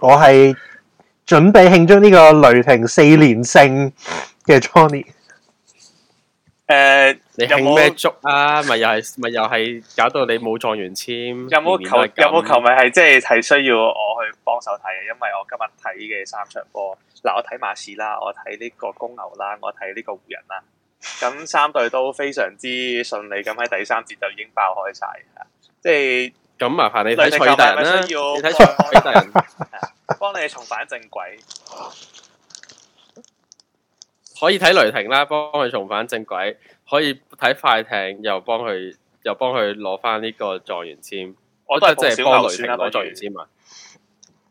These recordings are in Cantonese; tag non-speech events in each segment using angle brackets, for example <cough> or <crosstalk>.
我係準備慶祝呢個雷霆四連勝嘅 Johnny、呃。誒，你慶咩祝啊？咪又係咪又係搞到你冇狀元簽？有冇球有冇球迷係即係係需要我去幫手睇？因為我今日睇嘅三場波，嗱我睇馬刺啦，我睇呢個公牛啦，我睇呢個湖人啦，咁三隊都非常之順利咁喺第三節就已經爆開晒，即係。咁麻煩你睇賽爾特人啦，啊，你睇賽賽爾特人，幫 <laughs> 你重返正軌，可以睇雷霆啦，幫佢重返正軌，可以睇快艇又幫佢又幫佢攞返呢個狀元簽，我都係即係幫雷霆攞狀元簽啊！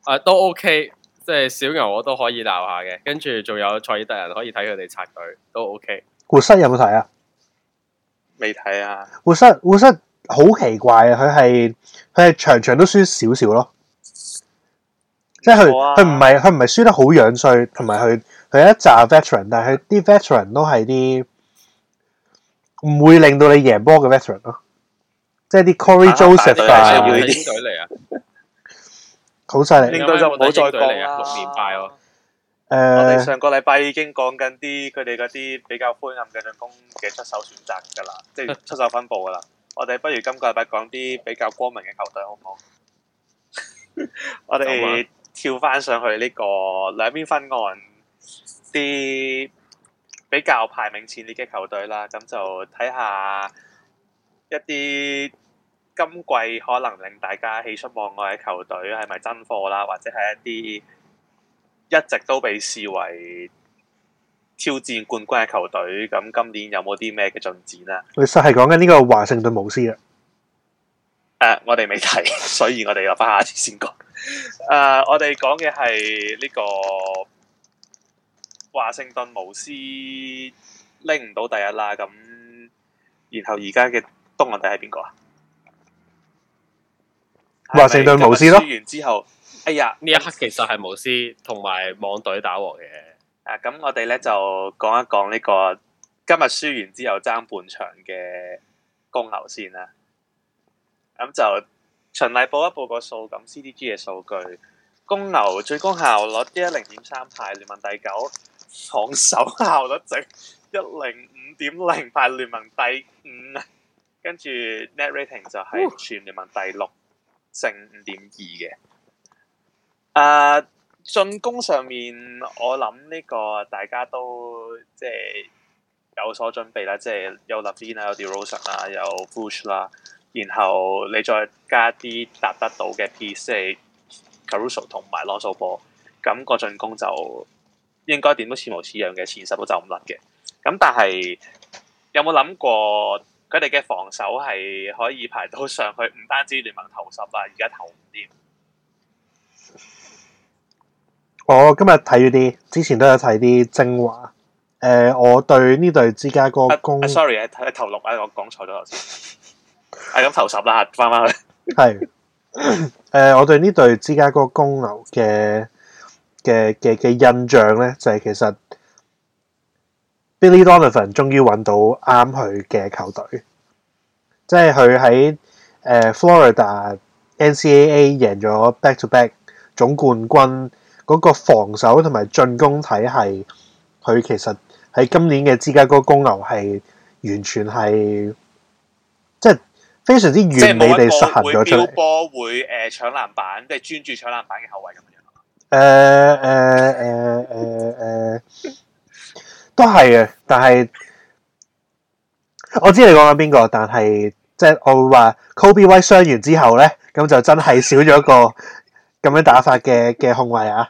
啊都 OK，即係小牛我都可以鬧下嘅，跟住仲有賽爾特人可以睇佢哋拆隊都 OK。活塞有冇睇啊？未睇啊？活塞，啊，活塞，啊。好奇怪啊！佢係佢係場場都輸少少咯，即係佢佢唔係佢唔係輸得好樣衰，同埋佢佢一紮 veteran，但係啲 veteran 都係啲唔會令到你贏波嘅 veteran 咯，即係啲 Cory Joseph 啊，要啲英隊嚟啊，好犀利！英隊就唔好再講啦。六連敗哦，誒，我哋上個禮拜已經講緊啲佢哋嗰啲比較灰暗嘅進攻嘅出手選擇噶啦，即係出手分布噶啦。我哋不如今個禮拜講啲比較光明嘅球隊好唔好？ <laughs> 我哋跳翻上去呢個兩邊分岸啲比較排名前列嘅球隊啦，咁就睇下一啲今季可能令大家喜出望外嘅球隊係咪真貨啦，或者係一啲一直都被視為挑戰冠軍嘅球隊，咁今年有冇啲咩嘅進展啊？其實係講緊呢個華盛頓巫師啊？誒、uh，我哋未提，所以我哋又翻下次先講。誒、uh, 這個，我哋講嘅係呢個華盛頓巫師拎唔到第一啦。咁然後而家嘅東岸底係邊個啊？華盛頓巫師咯。輸完之後，哎呀，呢一刻其實係巫師同埋網隊打和嘅。啊，咁我哋咧就講一講呢個今日輸完之後爭半場嘅公牛先啦。咁就循例報一報個數，咁 C D G 嘅數據，公牛最高效率一一零點三排聯盟第九，防守效率值一零五點零排聯盟第五，跟住 net rating 就係全聯盟第六，正五點二嘅。啊！進攻上面，我諗呢個大家都即係有所準備啦，即係有 LaVine 啊，有 DeRozan 有 push 啦，然後你再加啲達得到嘅 piece，Caruso 同埋 Lonzo 波，咁、個進攻就應該點都似模似樣嘅，前十都就唔甩嘅。咁但係有冇諗過佢哋嘅防守係可以排到上去？唔單止聯盟頭十啦，而家頭五添。我今日睇咗啲，之前都有睇啲精華。誒、呃，我對呢對芝加哥公、uh, sorry 一、啊、頭六，我講錯咗頭先，係咁頭十啦，翻翻去係誒。我對呢對芝加哥公牛嘅嘅嘅嘅印象咧，就係、是、其實 Billy Donovan 終於揾到啱佢嘅球隊，即係佢喺誒 Florida N C A A 贏咗 back to back 總冠軍。嗰、那個防守同埋進攻體系，佢其實喺今年嘅芝加哥公牛係完全係即係非常之完美地實行咗出嚟。會波會誒搶籃板，即係專注搶籃板嘅後衛咁樣。誒誒誒誒誒，都係嘅。但係我知你講緊邊個，但係即係我會話 Coby White 傷完之後咧，咁就真係少咗一個咁樣打法嘅嘅控衛啊。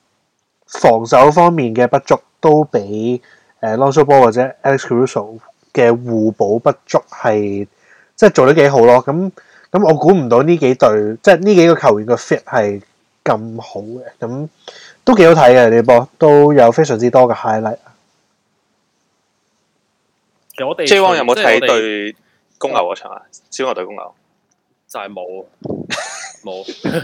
防守方面嘅不足都比誒 Lonzo Ball 或者 Alex Caruso 嘅互補不足係即係做得幾好咯。咁咁我估唔到呢幾隊，即係呢幾個球員嘅 fit 係咁好嘅，咁都幾好睇嘅，呢波都有非常之多嘅 highlight。有我哋有冇睇對公牛嗰場啊？小牛對公牛就係冇冇。 <laughs>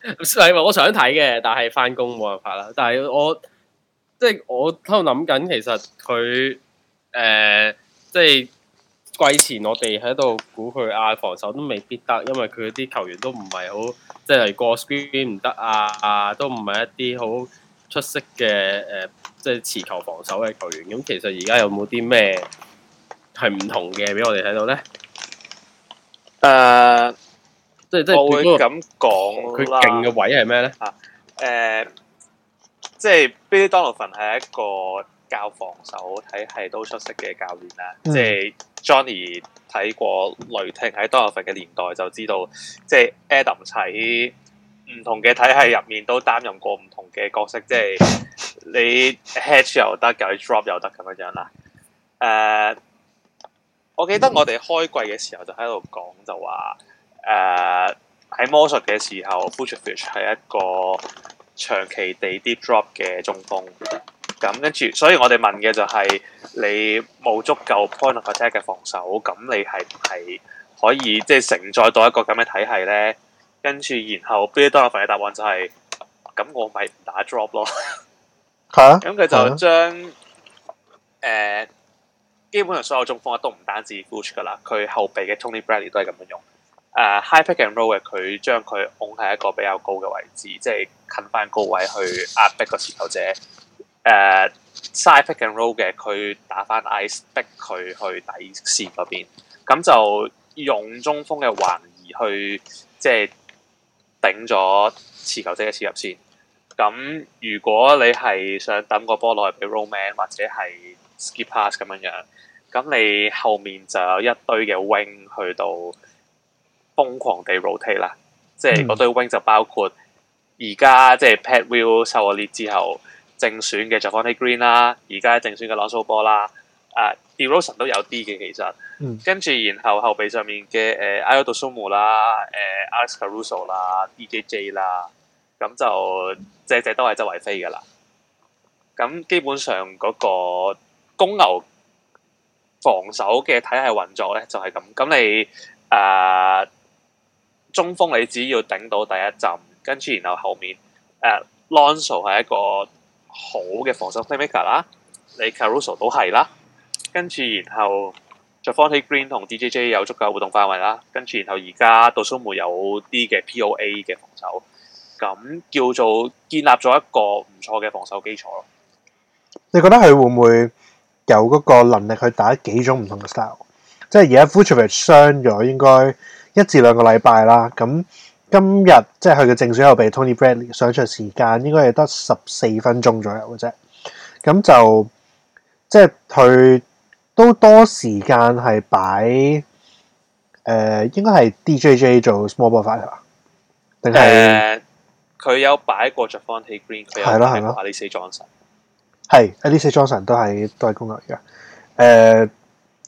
係 <laughs> 我想睇嘅，但係返工冇辦法啦。但係我即係、就是、我喺度諗緊，其實佢誒，即、呃、係、就是、季前我哋喺度估佢啊，防守都未必得，因為佢啲球員都唔係好即係過 screen 唔得啊，啊，都唔係一啲好出色嘅誒，即、呃、係、就是、持球防守嘅球員。咁其實而家有冇啲咩係唔同嘅俾我哋睇到咧？誒、呃。即、就、即、是、會咁講，佢勁嘅位係咩咧？即、啊、係、呃就是、Billy Donovan 係一個教防守體系都出色嘅教練啦。即、嗯就是、Johnny 睇過雷霆喺 Donovan 嘅年代就知道，即、就、係、是、Adam 喺唔同嘅體系入面都擔任過唔同嘅角色。即、就、係、是、你 Hedge 又得，又 Drop 又得咁樣啦、啊。我記得我哋開季嘅時候就喺度講就話。誒，喺魔術嘅時候 Vucevic 係一個長期地跌 drop 嘅中鋒，咁跟住，所以我哋問嘅就係、是、你冇足夠 point of attack 嘅防守，咁你係唔係可以即係、就是、承載到一個咁嘅體系咧？跟住然後，Bill Donovan 嘅答案就係、是，咁我咪唔打 drop 咯。係咁佢就將誒、huh? 呃，基本上所有中鋒都唔單止 Vucevic 噶啦，佢後備嘅 Tony Bradley 都係咁樣用。Uh, high pick and roll 嘅佢將佢拱喺一個比較高嘅位置，即係近翻高位去壓迫個持球者。Uh, side pick and roll 嘅佢打翻 ice 逼佢去底線嗰邊，咁就用中鋒嘅橫移去即係頂咗持球者嘅切入線。咁如果你係想揼個波落去俾 roll man 或者係 skip pass 咁樣樣，咁你後面就有一堆嘅 wing 去到。瘋狂地 rotate 啦，即係嗰堆 wing 就包括而家、嗯、即係 Pat Will 受咗 l e a 之後正選嘅 Javonte Green 啦，而家正選嘅 Lonzo Ball 啦，啊 DeRozan 都有啲嘅其實，嗯、跟住然後後備上面嘅誒 Ayo Dosunmu 啦，誒 Alex Caruso 啦，DJJ 啦，咁就隻隻都係周圍飛噶啦。咁基本上嗰個公牛防守嘅體系運作咧就係、是、咁，咁你誒。呃中鋒你只要頂到第一陣，跟住然後後面，誒 Lonzo 係一個好嘅防守 playmaker 啦，你 Caruso 都係啦，跟住然後 Javonte Green 同 DJJ 有足夠活動範圍啦，跟住然後而家杜蘇木有啲嘅 POA 嘅防守，咁叫做建立咗一個唔錯嘅防守基礎咯。你覺得佢會唔會有嗰個能力去打幾種唔同嘅 style？即係而家 Vucevic 傷咗，應該？一至兩個禮拜啦，咁今日即係佢嘅正選後備 Tony Bradley 上場時間應該係得十四分鐘左右嘅啫，咁就即係佢都多時間係擺、呃、應該係 DJJ 做 small ball five 定係佢有擺過着 Javonte Green，佢有擺過 Alize Johnson，係 Alize Johnson 都係都係工作嘅，呃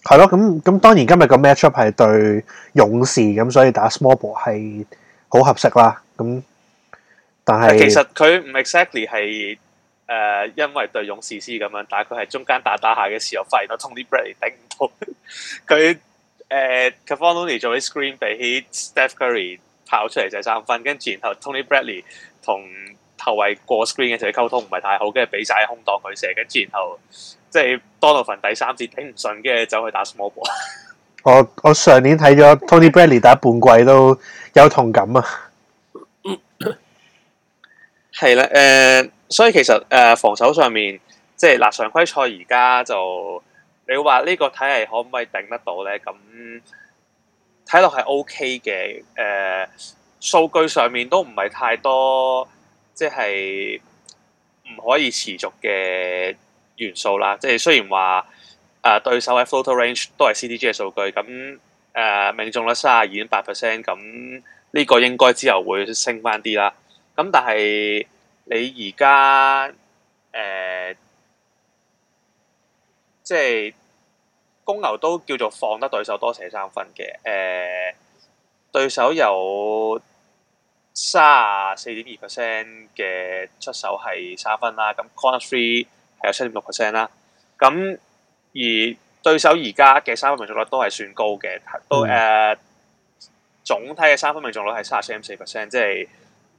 係咯，咁咁當然今日個 matchup 係對勇士，咁所以打 small ball 係好合適啦。咁但係其實佢唔 exactly 係誒，因為對勇士先咁樣，但係佢係中間打打下嘅時候發現到 Tony Bradley 頂唔到佢誒。Kevon、呃、Looney 做啲 screen 俾 Steph Curry 跑出嚟就係三分，跟住然後 Tony Bradley 同後衛過 screen 嘅時候溝通唔係太好，跟住俾晒空檔佢射，跟住然後。即係 Donovan 第三次頂唔順嘅走去打 small ball。我我上年睇咗 Tony Bradley 打半季都有同感啊 <laughs> 。係啦，誒，所以其實誒、呃、防守上面，即係嗱，常規賽而家就你話呢個體系可唔可以頂得到咧？咁睇落係 O K 嘅，誒、okay 呃，數據上面都唔係太多，即係唔可以持續嘅。元素啦，即係雖然話誒對手喺 Floater Range 都係 CDG 嘅數據，咁誒命中率卅二點八 percent，咁呢個應該之後會升翻啲啦。咁但係你而家誒，即係公牛都叫做放得對手多射三分嘅，誒對手有卅四點二 percent 嘅出手係三分啦，咁 Corner Three。有七點六 percent 啦，咁而對手而家嘅三分命中率都係算高嘅，都誒，總體嘅三分命中率係三十四點四 percent，即係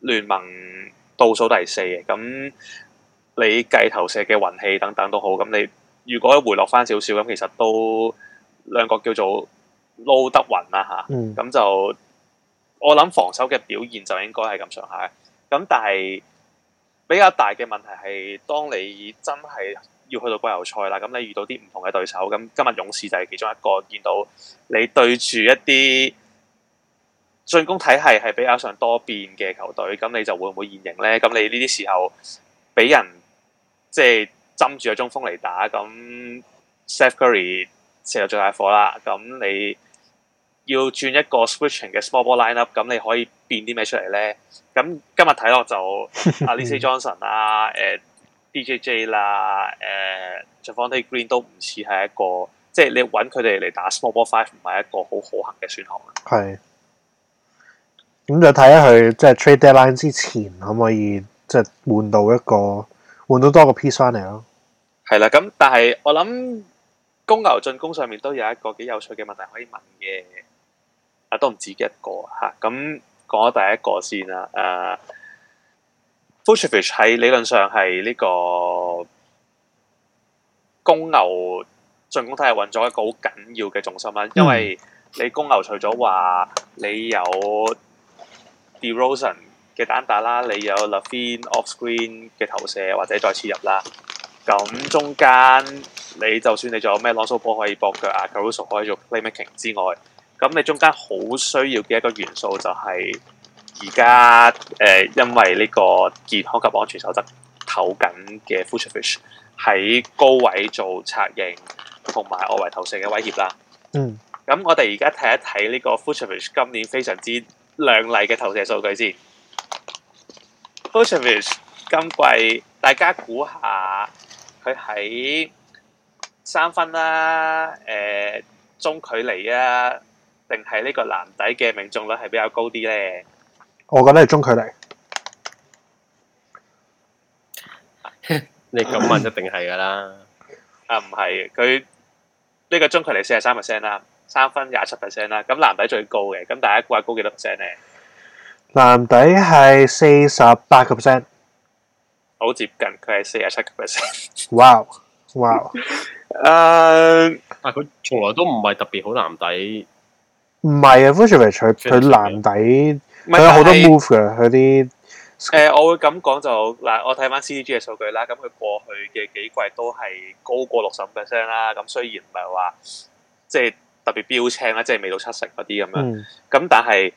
聯盟倒數第四嘅。咁你計投射嘅運氣等等都好，咁你如果回落翻少少，咁其實都兩個叫做撈得匀啦吓，咁就我諗防守嘅表現就應該係咁上下。咁但係。比較大嘅問題係，當你真係要去到季後賽啦，咁你遇到啲唔同嘅對手，咁今日勇士就係其中一個，見到你對住一啲進攻體系係比較上多變嘅球隊，咁你就會唔會現形呢？咁你呢啲時候俾人即係針住個中鋒嚟打，咁 Steph Curry 成日最大火啦，咁你，要轉一個 switching 嘅 small ball lineup，咁你可以變啲咩出嚟咧？咁今日睇落就 Alize Johnson 啦、 <laughs> uh,，誒 DJJ 啦、uh,，誒 Javonte Green 都唔似係一個，即係你揾佢哋嚟打 small ball five 唔係一個好可行嘅選項啊。係。咁就睇下佢即係 trade deadline 之前可唔可以即係換到一個換到多個 piece 嚟咯。係啦，咁但係我諗公牛進攻上面都有一個幾有趣嘅問題可以問嘅。啊、都唔止一個嚇，咁、啊、講咗第一個先啦。誒 Vucevic 係理論上係呢個公牛進攻體系揾咗一個好緊要嘅重心啦，因為你公牛除咗話你有 DeRozan 嘅單打啦，你有 LaVine off screen 嘅投射或者再切入啦，咁中間你就算你仲有咩 Lonzo 波可以博腳啊 Caruso 可以做 Playmaking 之外。咁你中間好需要嘅一個元素就係而家誒，因為呢個健康及安全守則，投緊嘅 future fish 喺高位做策應，同埋外圍投射嘅威脅啦。嗯，咁我哋而家睇一睇呢個 future fish 今年非常之亮麗嘅投射數據先。future fish 今季大家估下佢喺三分啦、啊，誒、呃、中距離啊～定係呢個籃底嘅命中率係比較高啲咧？我覺得係中距離，你咁問一定係噶啦。啊，唔係嘅，佢呢個中距離四十三 percent 啦，三分廿七 percent 啦。咁籃底最高嘅，咁大家估下高幾多 percent 咧？籃底係四十八 percent，好接近，佢係四十七 percent。哇哇，啊，但係佢從來都唔係特別好籃底。唔係啊，Vucevic 佢佢籃底佢有好多 move 嘅佢啲。誒、呃，我會咁講就嗱，我睇翻 CDG 嘅數據啦。咁佢過去嘅幾季都係高過六十五 percent 啦。咁雖然唔係話即係特別標青啦，即、就、係、是、未到七成嗰啲咁樣。咁、嗯、但係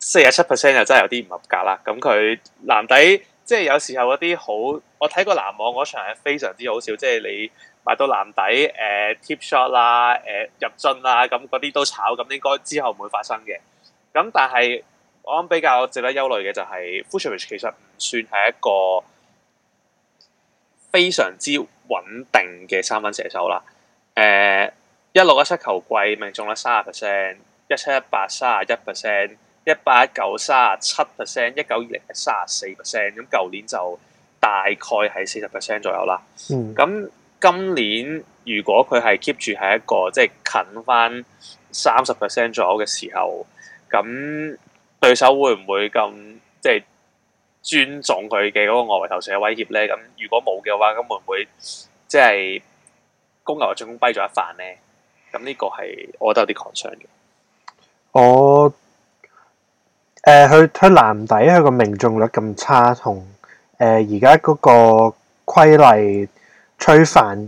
四十七 percent 又真係有啲唔合格啦。咁佢籃底即係、就是、有時候嗰啲好，我睇過籃網嗰場係非常之好笑，即、就、係、是、你。買到籃底誒、呃、tip shot 啦，誒、呃、入樽啦，咁嗰啲都炒，咁應該之後唔會發生嘅。咁但係我比較值得憂慮嘅就係 Vucevic 其實唔算係一個非常之穩定嘅三分射手啦。誒、一六一七球季命中率三十 percent，一七一八三十一 percent，一八一九三十七 percent，一九二零係三十四 percent。咁舊年就大概係四十 percent 左右啦。咁、嗯。今年如果佢係 keep 住喺一個即係、就是、近翻三十 percent 咗嘅時候，咁對手會唔會咁即係尊重佢嘅嗰個外圍投射嘅威脅咧？咁如果冇嘅話，咁會唔會即係、就是、公牛嘅進攻跛咗一番咧？咁呢個係我覺得有啲 concern 嘅。我、呃、誒，佢喺籃底佢個命中率咁差，同誒而家嗰個規例。吹范，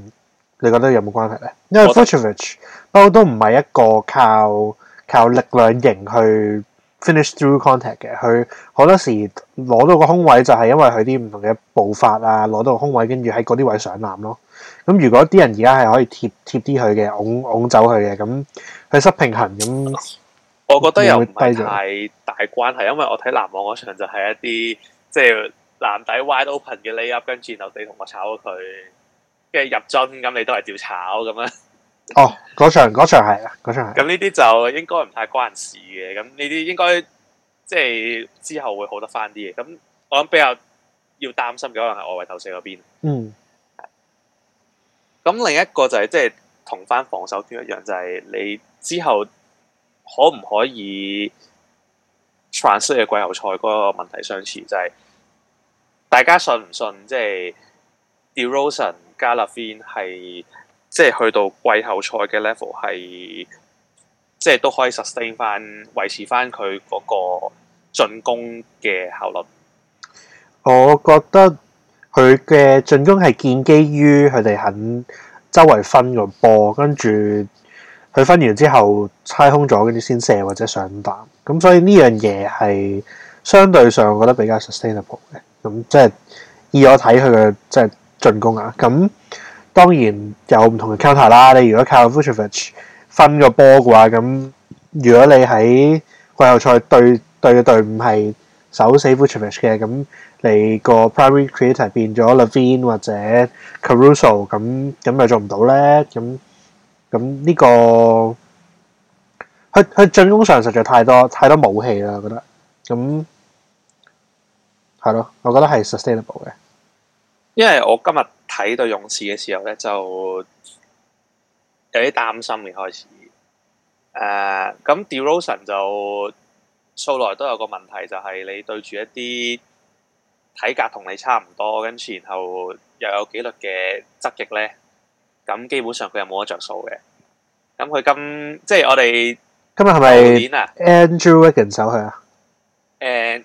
你覺得有冇關係咧？因為 Vucevic 不過都唔係一個靠靠力量型去 finish through contact 嘅，佢好多時攞到個空位就係因為佢啲唔同嘅步伐啊，攞到空位跟住喺嗰啲位上籃咯。咁如果啲人而家係可以貼貼啲佢嘅，拱拱走佢嘅，咁佢失平衡咁，我覺得又唔係太大關係，因為我睇籃網嗰場就係一啲即係籃底 wide open 嘅 lay up，跟住然後你同我炒咗佢，嘅入樽咁，你都係照炒咁啊！哦，嗰場，嗰場係啊，嗰場係。咁呢啲就應該唔太關事嘅，咁呢啲應該即係之後會好得翻啲嘅。咁我諗比較要擔心嘅可能係外圍投射嗰邊。嗯。咁另一個就係即係同翻防守端一樣，就係你之後可唔可以 transfer 嘅季後賽嗰個問題相似，就係大家信唔信即係、就是加勒芬係即係去到季後賽嘅 level，係即係都可以 sustain 翻維持翻佢嗰個進攻嘅效率。我覺得佢嘅進攻係建基於佢哋肯周圍分個波，跟住佢分完之後猜空咗，跟住先射或者上籃。咁所以呢樣嘢係相對上我覺得比較 sustainable 嘅。咁即係以我睇佢嘅即係。就是進攻啊！咁當然有唔同嘅 counter 啦。你如果靠 Vucevic 分個波嘅話，咁如果你喺季後賽對對嘅隊伍係守死 Vucevic 嘅，咁你個 primary creator 變咗 LaVine 或者 Caruso，咁咁又做唔到咧。咁咁呢個佢佢進攻上實在太多太多武器啦，我覺得咁係咯，我覺得係 sustainable 嘅。因為我今日睇到勇士嘅時候咧，就有啲擔心嘅開始。誒，咁 DeRozan 就素來都有個問題，就係你對住一啲體格同你差唔多，跟住然後又有紀律嘅執翼咧，咁基本上佢又冇得着數嘅。咁佢今即係我哋今日係咪？演啊，Andrew Wiggins 手去啊？誒。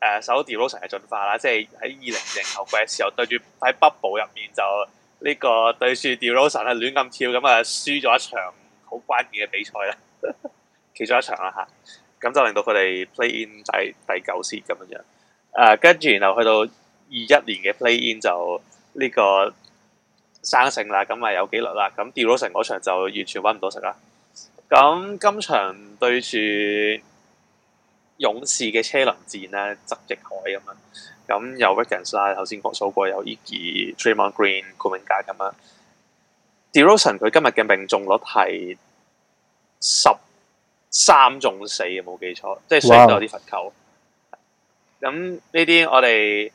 誒手 DeRozan 嘅進化啦，即係喺二零零後季嘅時候，對住喺 bubble 入面就呢、呢個對住 DeRozan 亂咁跳咁啊，就輸咗一場好關鍵嘅比賽啦， <laughs> 其中一場啦吓，咁就令到佢哋 play in 第第九次咁樣，誒跟住然後去到二一年嘅 play in 就呢個生性啦，咁啊有幾率啦，咁 DeRozan 嗰場就完全揾唔到食啦，咁今場對住。勇士嘅車輪戰啦，側翼海咁樣，咁有 Wiggins 啦，頭先講數過有 Iggy、Draymond Green、Kuminga 咁樣 DeRozan 佢今日嘅命中率係十三中四，冇記錯，即係雖然都有啲罰球。咁呢啲我哋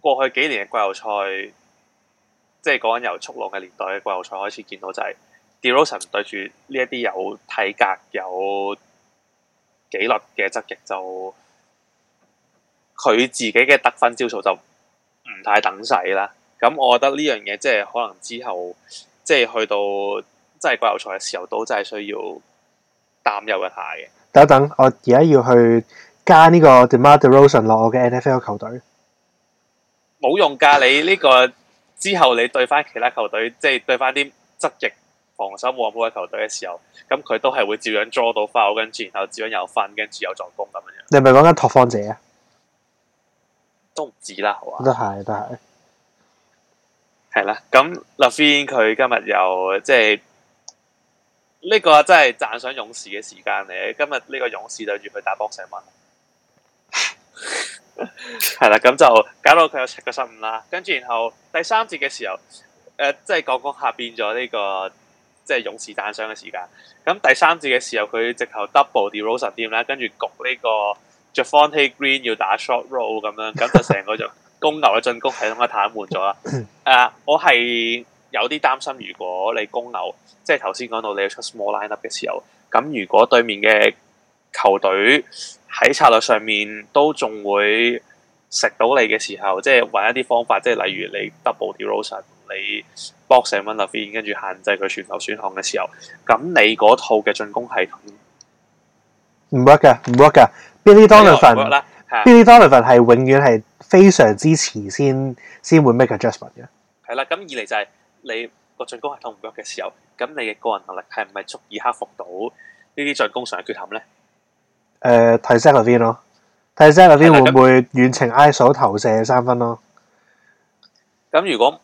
過去幾年嘅季後賽，即係講緊由速龍嘅年代嘅季後賽開始見到，就係 DeRozan 對住呢一啲有體格有。紀律嘅側翼，就佢自己嘅得分招數就唔太等使啦。咁我覺得呢樣嘢即係可能之後即係去到即係季後賽嘅時候都真係需要擔憂一下嘅。等等，我而家要去加呢個 DeMar DeRozan 落我嘅 NFL 球隊，冇用㗎，你呢，這個之後你對翻其他球隊，即係對翻啲側翼，防守冇咁好嘅球隊嘅時候，咁佢都係會照樣捉到 foul 跟住然後照樣有分，跟住又助攻咁樣。你係咪講緊拓荒者啊？都唔止啦，好嘛？都係都係，係啦。咁 LaVine 佢今日又即係呢個真係讚賞勇士嘅時間嚟。今日呢個勇士對住佢打波成文，係 <laughs> 啦。 <laughs> 咁就搞到佢有七個失誤啦。跟住然後第三節嘅時候，誒、呃，即係講講下變咗呢、這個。即、就、係、是、勇士攤上嘅時間，咁第三節嘅時候佢直頭 double DeRozan 點啦，跟住焗呢個 Javonte Green 要打 short roll 咁樣，咁就成個就公牛嘅進攻係咁樣攤滿咗啦。誒、 <laughs> uh，我係有啲擔心，如果你公牛即係頭先講到你要出 small lineup 嘅時候，咁如果對面嘅球隊喺策略上面都仲會食到你嘅時候，即係揾一啲方法，即、就、係、是、例如你 double DeRozan。你博射 o 拉芬，跟住限制佢全球選項嘅時候，咁你嗰套嘅進攻系統唔 work 嘅，唔 work 嘅。Billy Donovan，Billy Donovan 係 Donovan 永遠係非常支持先先會 make adjustment 嘅。係啦，咁二嚟就係、是、你個進攻系統唔 work 嘅時候，咁你嘅個人能力係唔係足以克服到呢啲進攻上嘅缺陷咧？誒、呃，替塞 e 芬咯，e 塞拉芬會唔會遠程挨手投射三分咯？咁如果？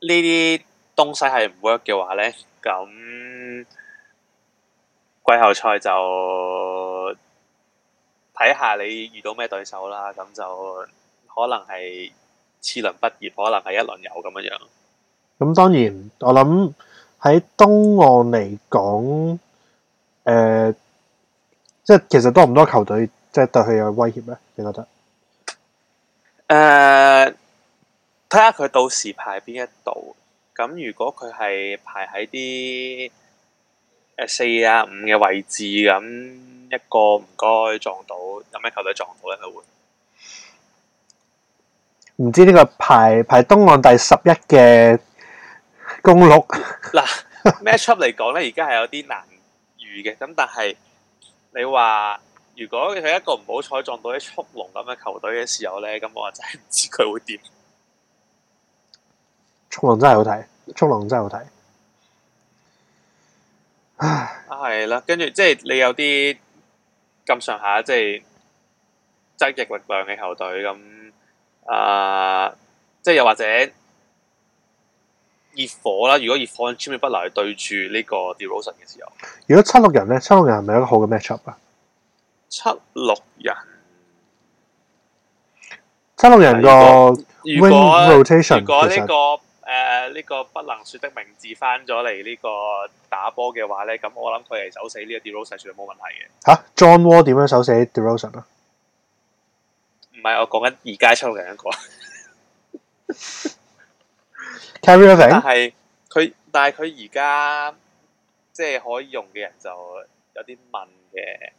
呢啲東西係唔 work 嘅話咧，咁季後賽就睇下你遇到咩對手啦。咁就可能係次輪畢業，可能係一輪遊，咁樣樣。咁當然，我諗喺東岸嚟講，誒、呃，即係其實多唔多球隊即係對佢有威脅咧？你覺得？誒、呃。睇下佢到時排邊一度，咁如果佢係排喺啲誒四啊五嘅位置，咁一個唔該撞到有咩球隊撞到咧，佢會唔知呢個排排東岸第十一嘅公鹿嗱 match up 嚟講咧，而家係有啲難預嘅，咁但係你話如果佢一個唔好彩撞到啲速龍咁嘅球隊嘅時候咧，咁我真係唔知佢會點。衝浪真係好睇，衝浪真係好睇。唉，係啦，跟住即係你有啲咁上下，即係積極力量嘅球隊咁。啊、呃，即係又或者熱火啦，如果熱火喺詹不賴對住呢個 DeRozan 嘅時候，如果七六人咧，七六人係咪一個好嘅 matchup 啊？七六人，七六人 Wing rotation，這個 wing rotation 其誒，呢個不能說的名字返咗嚟呢個打波嘅話咧，咁我諗佢嚟走死呢個 DeRozan 絕冇問題嘅。吓，John Wall 點樣走死 DeRozan 啊？唔係，我講緊而家出嚟一個。 <laughs> Kyrie Irving，但係佢但係佢而家即係可以用嘅人就有啲問嘅。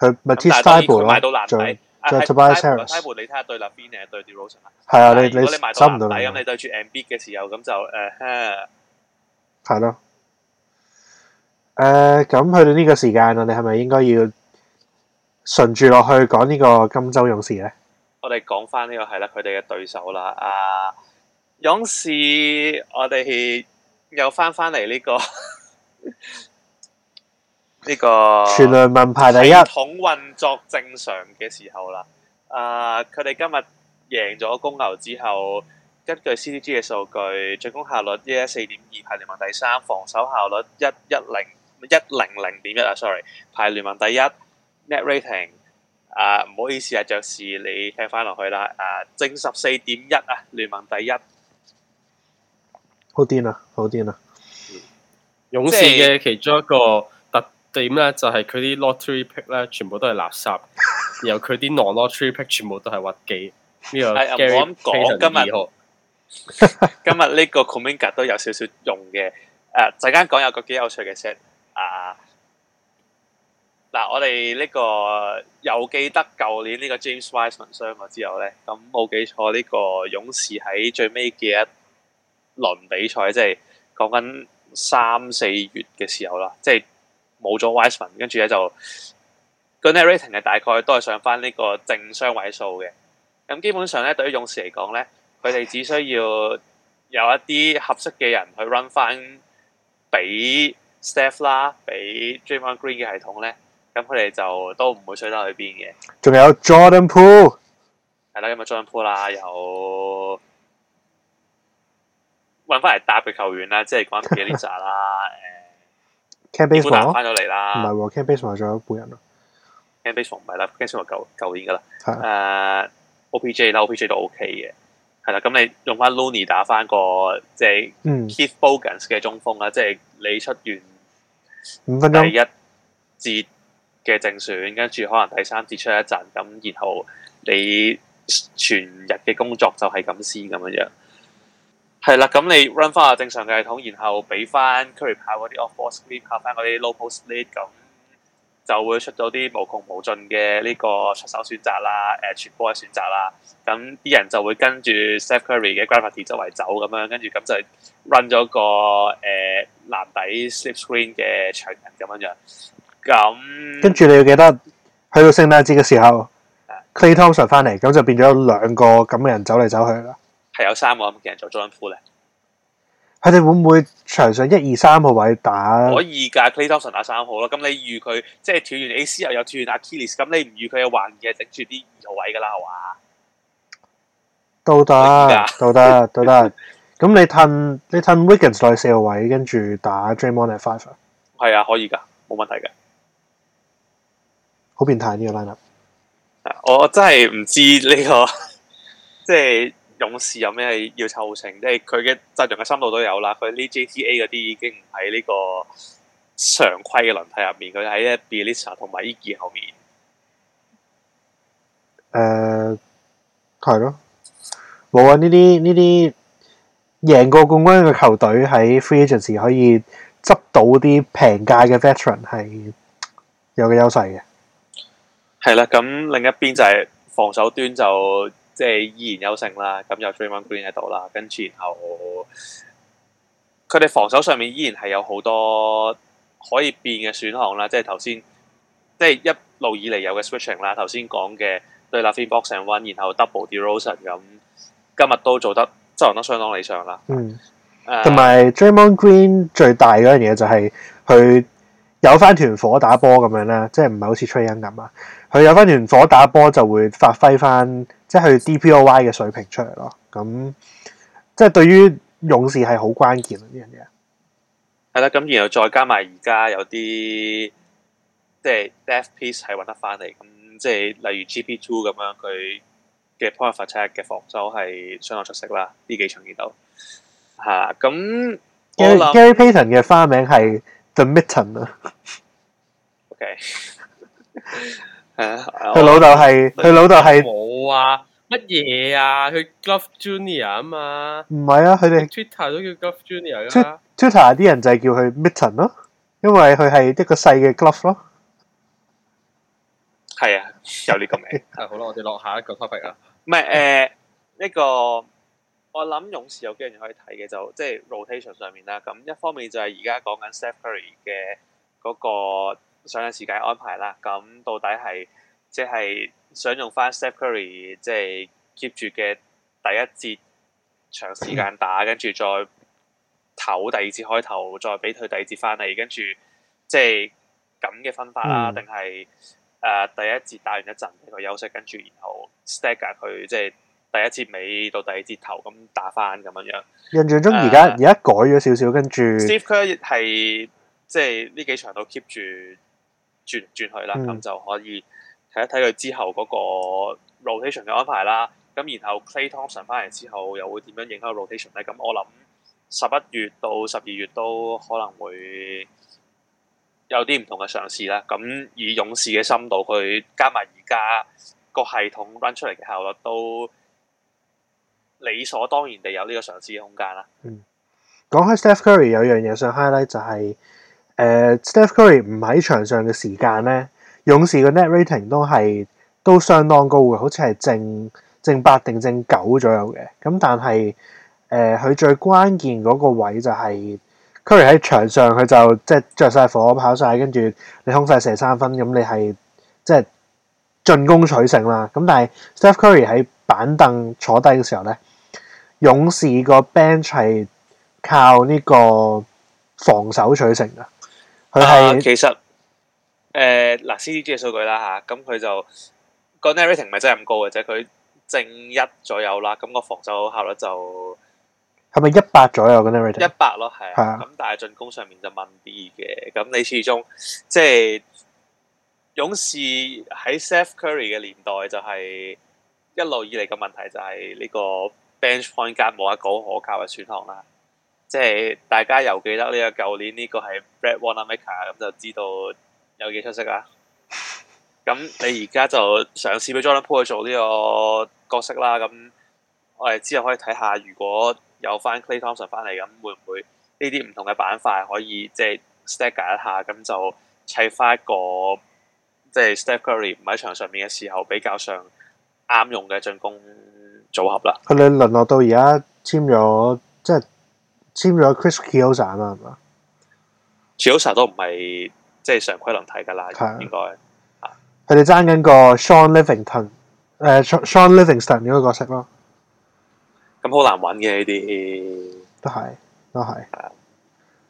佢 Matisse 佢買到爛嘴。就 Tobias Charles，你睇下對立邊誒對啲 Rose 啊，係啊，你你收唔到你，咁你對住 M B 嘅時候咁就誒，係咯，誒咁去到呢個時間，我哋係咪應該要順住落去講呢個金州勇士咧？我哋講翻呢個係啦，佢哋嘅對手啦，啊勇士，我哋又翻翻嚟呢個。呢個全聯盟排第一，系統運作正常嘅時候啦。啊，佢哋今日贏咗公牛之後，根據 CDG 嘅數據，進攻效率一四點二排聯盟第三，防守效率一一零一零零點一啊。Sorry，排聯盟第一。Net rating 啊，唔好意思啊，爵士你聽翻落去啦。啊，正十四點一啊，聯盟第一。好癲啊！好癲啊！勇士嘅其中一個。點咧就係佢啲 lottery pick 咧全部都係垃圾， <laughs> 然後佢啲 non lottery pick 全部都係屈機，呢個 Gary 非今日呢 <laughs> 個 Kuminga 都有少少用嘅，誒陣間講有個幾有趣嘅 set 啊。嗱，我哋呢、這個又記得舊年呢個 James Wiseman 傷咗之後咧，咁冇記錯呢個勇士喺最尾嘅一輪比賽，即係講緊三四月嘅時候啦，即係。冇咗 Wiseman，跟住咧就、嗰個 rating 係大概都係上翻呢個正雙位數嘅。咁基本上咧，對於勇士嚟講咧，佢哋只需要有一啲合適嘅人去 run 翻俾 Steph 啦，俾 Draymond Green 嘅系統咧，咁佢哋就都唔會衰得去邊嘅。仲有 Jordan Poole，係啦，今日 Jordan Poole 啦，有，揾翻嚟搭嘅球員啦，即係講 Bjelica 啦。 <laughs> Canbasman 翻咗嚟啦，唔係喎，Canbasman 仲有一半人咯。Canbasman 唔係啦，Canbasman 舊舊年噶啦。誒、uh,，O P J 啦，O P J 都 O K 嘅。係啦，咁你用翻 Looney 打翻個即係、就是、Keith Bogans 嘅中鋒啦。即、嗯、係、就是、你出完五分鐘第一節嘅正選，跟住可能第三節出一陣，咁然後你全日嘅工作就係咁先咁樣樣。係啦，咁你 run 翻下正常嘅系統，然後俾翻 Curry 跑嗰啲 off screen 跑翻嗰啲 low post lead 咁，split, 就會出咗啲無窮無盡嘅呢個出手選擇啦，誒、呃、傳波嘅選擇啦，咁啲人就會跟住 Steph Curry 嘅 gravity 周圍走咁樣，跟住咁就 run 咗個誒、呃、藍底 slip screen 嘅長人咁樣樣。咁跟住你要記得去到聖誕節嘅時候，Clay Thompson 翻嚟，咁就變咗兩個咁嘅人走嚟走去啦。係有三個咁嘅人做中軍夫咧，佢哋會唔會場上一二三號位打？可以噶，Klay Thompson 打三號咯。咁你預佢即係斷完 AC 又有斷阿 Kilis，咁你唔預佢有橫嘅，頂住啲二號位噶啦，係嘛？都得，都得，都得。咁 <laughs> 你褪你褪 Wiggins 落去四號位，跟住打 Draymond at five。係啊，可以噶，冇問題嘅。好變態呢、呢個 lineup。我真係唔知呢、呢個即係。就是勇士有咩要湊成？即係佢嘅陣容嘅深度都有啦。佢呢 JTA 嗰啲已經唔喺呢個常規嘅輪替入面，佢喺咧 Bjelica 同埋 Iggy 後面。誒、呃，係咯，冇啊！呢啲呢啲贏過冠軍嘅球隊喺 Free Agency 可以執到啲平價嘅 Veteran 係有嘅優勢嘅。係啦，咁另一邊就係防守端就。即係依然有勝啦，咁有 Draymond Green 喺度啦，跟住然後佢哋防守上面依然係有好多可以變嘅選項啦，即係頭先即係一路以嚟有嘅 switching 啦，頭先講嘅對 LaVine box and one，然後 double deflection 咁，今日都做得執行得相當理想啦。嗯，同埋 Draymond Green 最大嗰樣嘢就係佢有翻團火打波咁樣啦，即係唔係好似 Trae Young 咁啊？佢有翻團火打波就會發揮翻。即係 DPOY 嘅水平出嚟咯，咁即係對於勇士係好關鍵啊呢樣嘢。係啦，咁然後再加埋而家有啲即係 death piece 係揾得翻嚟，咁即係例如 GP two 咁樣，佢嘅 point of attack 嘅防守係相當出色啦。呢幾場見到係咁 Gary Payton 嘅花名係 The Mitten 啊。 <laughs> okay 係啊，佢老豆係佢老豆係冇啊，乜嘢啊？佢 Glove Junior 啊嘛，唔係啊，佢哋 Twitter 都叫 Glove Junior 啦。Twitter 啲人就係叫佢 Mitten 咯，因為佢係一個細嘅 Glove 咯。係啊，有呢個名係好啦，我哋落下一個 topic 啊。唔係誒，呢個我諗勇士有幾人可以睇嘅，就即係 rotation 上面啦。咁一方面就係而家講緊 Steph Curry 嘅嗰個。上嘅時間安排啦，咁到底係即係想用翻 Steph Curry 即係 keep 住嘅第一節長時間打，跟住再唞第二節開頭，再俾佢第二節翻嚟，跟住即係咁嘅分法啦。定係誒第一節打完一陣，俾佢休息，跟住然後 stagger 佢即係第一節尾到第二節頭咁打翻咁樣樣。印象中而家而家改咗少少，跟住 Steph Curry 係即係呢幾場都 keep 住。轉轉去啦，咁就可以睇一睇佢之後嗰個 rotation 嘅安排啦。咁然後 Klay Thompson 翻嚟之後，又會點樣影響 rotation 咧？咁我諗十一月到十二月都可能會有啲唔同嘅嘗試啦。咁以勇士嘅深度，去加埋而家個系統 run 出嚟嘅效率，都理所當然地有呢個嘗試嘅空間啦。嗯，講開 Steph Curry，有樣嘢想 highlight 就係、是。誒、uh,Steph Curry 唔喺場上嘅時間咧，勇士個 net rating 都係都相當高嘅，好似係正正八定正九左右嘅。咁但係誒，佢、呃、最關鍵嗰個位就係、是、Curry 喺場上，佢就即係着晒火跑晒，跟住你空晒射三分，咁你係即係進攻取勝啦。咁但係 Steph Curry 喺板凳坐低嘅時候咧，勇士個 bench 係靠呢個防守取勝嘅。係、啊，其實誒嗱 CDG 嘅數據啦吓，咁、啊、佢就、個 rating 咪真係咁高嘅啫，佢正一左右啦，咁、個防守效率就係咪一百左右 rating？一百咯，係、那個，啊。咁、啊、但係進攻上面就問啲嘅，咁你始終即係勇士喺 Steph Curry 嘅年代就係一路以嚟嘅問題就係呢個 bench point guard 冇一個可靠嘅選項啦。即係大家又記得呢個舊年呢個係 Brad Wanamaker 咁，就知道有幾出色啊。咁你而家就嘗試俾 Jordan Poole 去做呢個角色啦。咁我哋之後可以睇下，如果有翻 Klay Thompson 翻嚟，咁會唔會呢啲唔同嘅板塊可以即係、就是、stagger 一下，咁就砌翻一個即係、就是、Steph Curry 唔喺場上面嘅時候比較上啱用嘅進攻組合啦。佢哋淪落到而家簽咗。簽咗 Chris Chiozza 嘛，係嘛？Chiozza 都唔係即係常規輪替噶啦，應該佢哋爭緊個 Sean Livingston，誒、嗯 uh,，Sean Livingston 呢個角色咯。咁好難揾嘅呢啲，都係都係，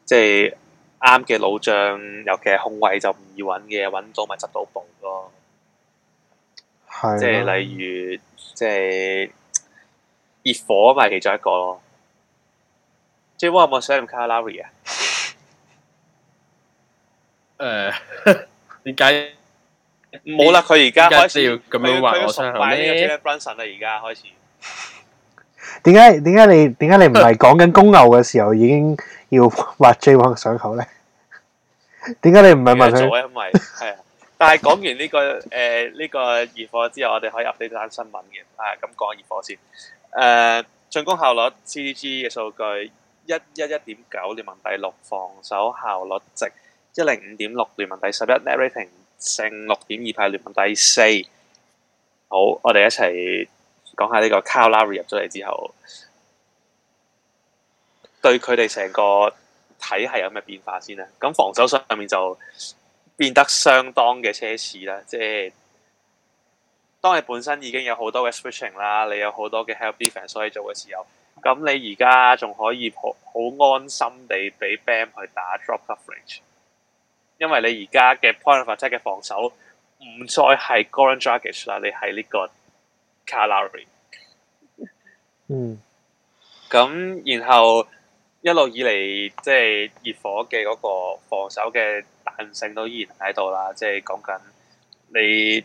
即係啱嘅老將，尤其係控衛就唔易揾嘅，揾到咪執到寶咯。係即係例如，即係熱火咪其中一個咯。J 王有冇想卡拉里啊？誒，點解冇啦？佢而家開始要咁樣話我身後咧。Brunson 啊，而家開始。點解點解你點解你唔係講緊公牛嘅時候，已經要話 J 王上口咧？點解你唔係問佢？因為係啊，但係講完呢個誒呢個熱火之後，我哋可以 update 呢單新聞嘅。啊，咁講熱火先。誒，進攻效率 CTG 嘅數據。一一一點九，聯盟第六，防守效率值一零五點六，聯盟第十一 net rating 勝六點二排聯盟第四。好，我哋一齊講下呢個 Kyle Lowry 入咗嚟之後，對佢哋成個體系有咩變化先呢？咁防守上面就變得相當嘅奢侈啦。即係當你本身已經有好多嘅 switching 啦，你有好多嘅 help defense 可以做嘅時候。咁你而家仲可以好好安心地俾 Bam 去打 drop coverage，因為你而家嘅 point of attack 嘅防守唔再係 Goran Dragic 啦，你係呢個 Kyle Lowry 嗯。咁然後一路以嚟，即係熱火嘅嗰個防守嘅彈性都依然喺度啦，即係講緊你。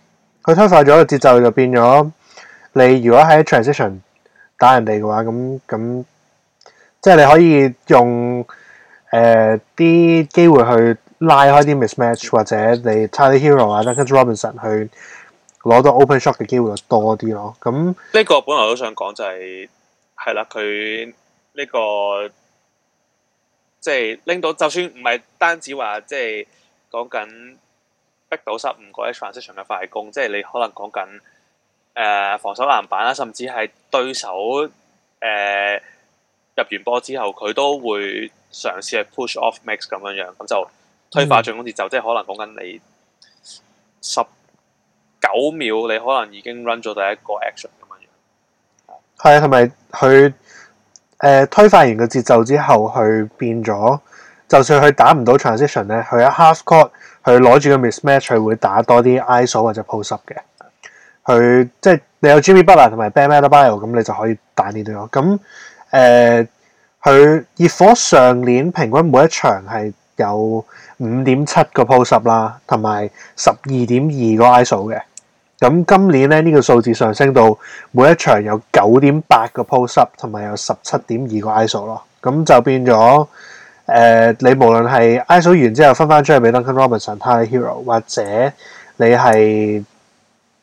佢推快咗個節奏就變咗，你如果喺 transition 打人哋嘅話，咁咁，即係、就是、你可以用誒啲、呃、機會去拉開啲 mismatch，或者你 Tyler Herro 啊、嗯、Duncan Robinson 去攞到 open shot 嘅機會就多啲咯。咁呢、這個本來都想講就係、是、係啦，佢呢、這個即係拎到，就算唔係單止話即係講緊。就是逼到十五個 transition 嘅快攻，即係你可能講緊誒防守籃板啦，甚至係對手誒、呃、入完波之後，佢都會嘗試去 push off max 咁樣樣，咁就推快進攻節奏，嗯、即係可能講緊你十九秒，你可能已經 run 咗第一個 action 咁樣樣。係啊，同埋佢誒推快完嘅節奏之後，去變咗，就算佢打唔到 transition 咧，佢喺 half court 佢攞住個 mismatch，佢會打多啲 iso 或者 post up 嘅。佢即係你有 Jimmy Butler 同埋 Bam Adebayo，咁你就可以打呢對咯。咁誒，佢熱火上年平均每一場係有五點七個 post up 啦，同埋十二點二個 iso 嘅。咁今年咧呢、這個數字上升到每一場有九點八個 post up，同埋有十七點二個 iso 咯。咁就變咗。誒、uh，你無論係 ISO 完之後分翻出嚟俾 Duncan Robinson、Tyler Herro，或者你係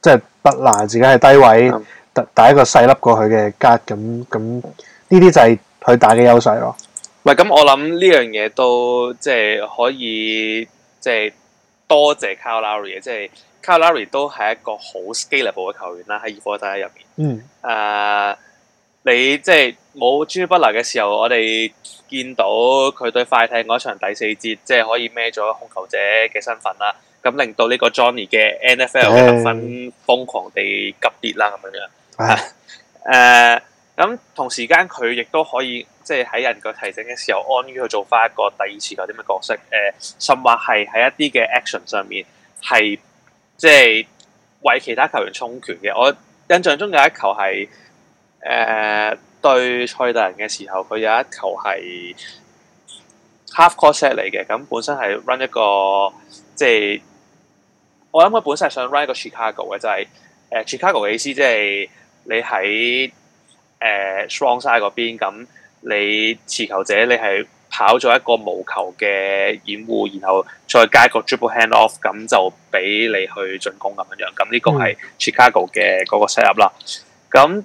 即係不拿自己係低位打打一個細粒過佢嘅 guard，咁咁呢啲就係佢打嘅優勢咯。喂，咁，我諗呢樣嘢都即係可以，即係多謝 Kyle Lowry 嘅，即係 Kyle Lowry 都係一個好 scalable 嘅球員啦，喺熱火世界入面。嗯、uh。你即係冇專注不來嘅時候，我哋見到佢對快艇嗰場第四節，即係可以孭咗控球者嘅身份啦。咁令到呢個 Johnny 嘅 NFL 嘅得分瘋狂地急跌啦，咁、嗯、樣樣。啊、咁、啊、同時間佢亦都可以即係喺人腳提醒嘅時候，安於去做翻一個第二次球啲嘅角色。誒、呃，甚或話係喺一啲嘅 action 上面，係即係為其他球員衝拳嘅。我印象中有一球係。誒、uh, 對賽特人嘅時候，佢有一球係 half court set 嚟嘅，咁本身係 run 一個即係我諗佢本身係想 run 一個 Chicago 嘅，就係、是 uh, Chicago 嘅意思即係你喺誒、uh, strong side 嗰邊，咁你持球者你係跑咗一個無球嘅掩護，然後再加個 dribble hand off，咁就俾你去進攻咁樣樣。咁呢個係 Chicago 嘅嗰個 set up 啦，咁。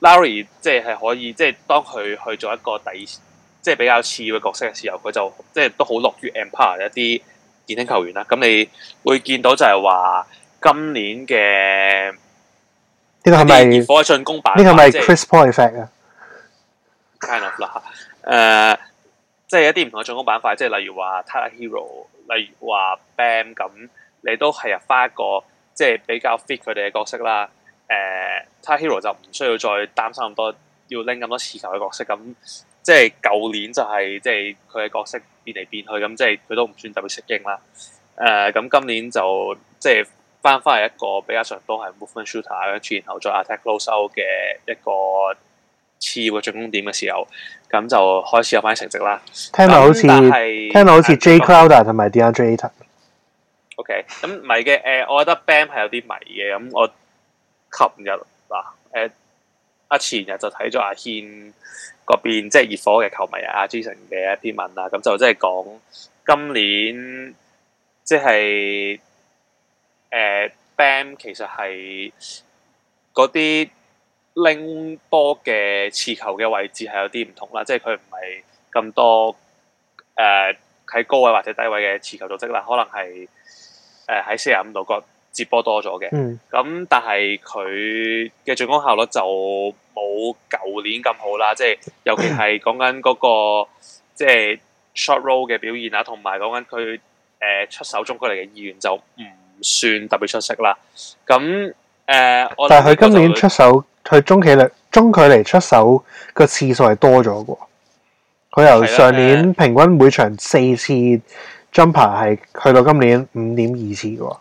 Lowry 即係可以，即、就、係、是、當佢去做一個第二即係、就是、比較次要嘅角色嘅時候，佢就即係、就是、都好樂於 empower 一啲年輕球員啦。咁你會見到就係話今年嘅呢個係咪熱火嘅進攻版？塊、啊？呢個係 Chris Paul effect 啊？Kind of 啦、like, 誒、呃，即、就、係、是、一啲唔同嘅進攻板塊，即、就、係、是、例如話 Tyler Herro 例如話 Bam 咁，你都係入翻一個即係、就是、比較 fit 佢哋嘅角色啦。誒、uh，Tyler Herro 就唔需要再擔心咁多，要拎咁多持球嘅角色，咁即係舊年就係、是、即係佢嘅角色變嚟變去，咁即係佢都唔算特別適應啦。誒，咁今年就即係翻翻去一個比較常都係 movement shooter 跟住，然後再 attack closeout 嘅一個次要嘅進攻點嘅時候，咁就開始有翻成績啦。聽落好似聽落好似 J Crowder 同埋 Dante。O K，咁唔係嘅，誒、呃，我覺得 Bam 係有啲迷嘅，咁我。琴日嗱，誒、啊、阿、啊、前日就睇咗阿軒嗰邊即係、就是、熱火嘅球迷阿 Jason 嘅一篇文啦，咁就即係講今年即係誒 Bam 其實係嗰啲拎波嘅持球嘅位置係有啲唔同啦，即係佢唔係咁多誒喺、啊、高位或者低位嘅持球組織啦，可能係誒喺四十五度角，啊接波多咗嘅，咁、嗯、但係佢嘅進攻效率就冇舊年咁好啦。即、就、係、是、尤其係講緊嗰個 <laughs> 即係 short roll 嘅表現啊，同埋講緊佢誒出手中距離嘅意願就唔算特別出色啦。咁誒、呃，但係佢今年出手佢中距離中距離出手個次數係多咗嘅。佢由上年平均每場四次 jumper 係去到今年五點二次嘅。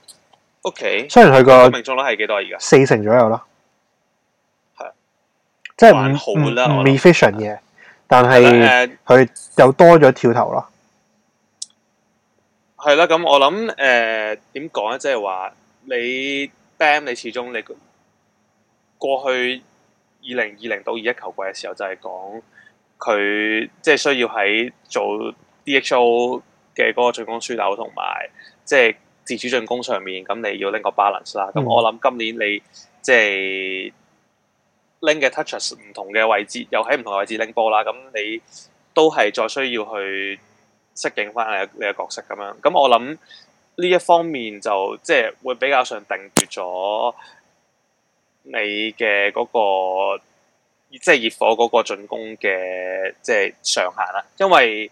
O、okay, K，雖然佢個命中率係幾多而家？四成左右咯，係、okay, 啊。即係唔唔唔 efficient 嘅，但係誒佢又多咗跳投咯。係啦、啊，咁、呃啊、我諗誒點講咧？即係話你 Bam 你始終你過去二零二零到二一球季嘅時候，就係講佢即係需要喺做 D H O 嘅嗰個進攻樞紐同埋即係。自主進攻上面，咁你要拎個 balance 啦。咁我諗今年你即係拎嘅 touches 唔同嘅位置，又喺唔同嘅位置拎波啦。咁你都係再需要去適應翻你嘅你嘅角色咁樣。咁我諗呢一方面就即係會比較上定奪咗你嘅嗰個即係熱火嗰個進攻嘅即係上限啦，因為。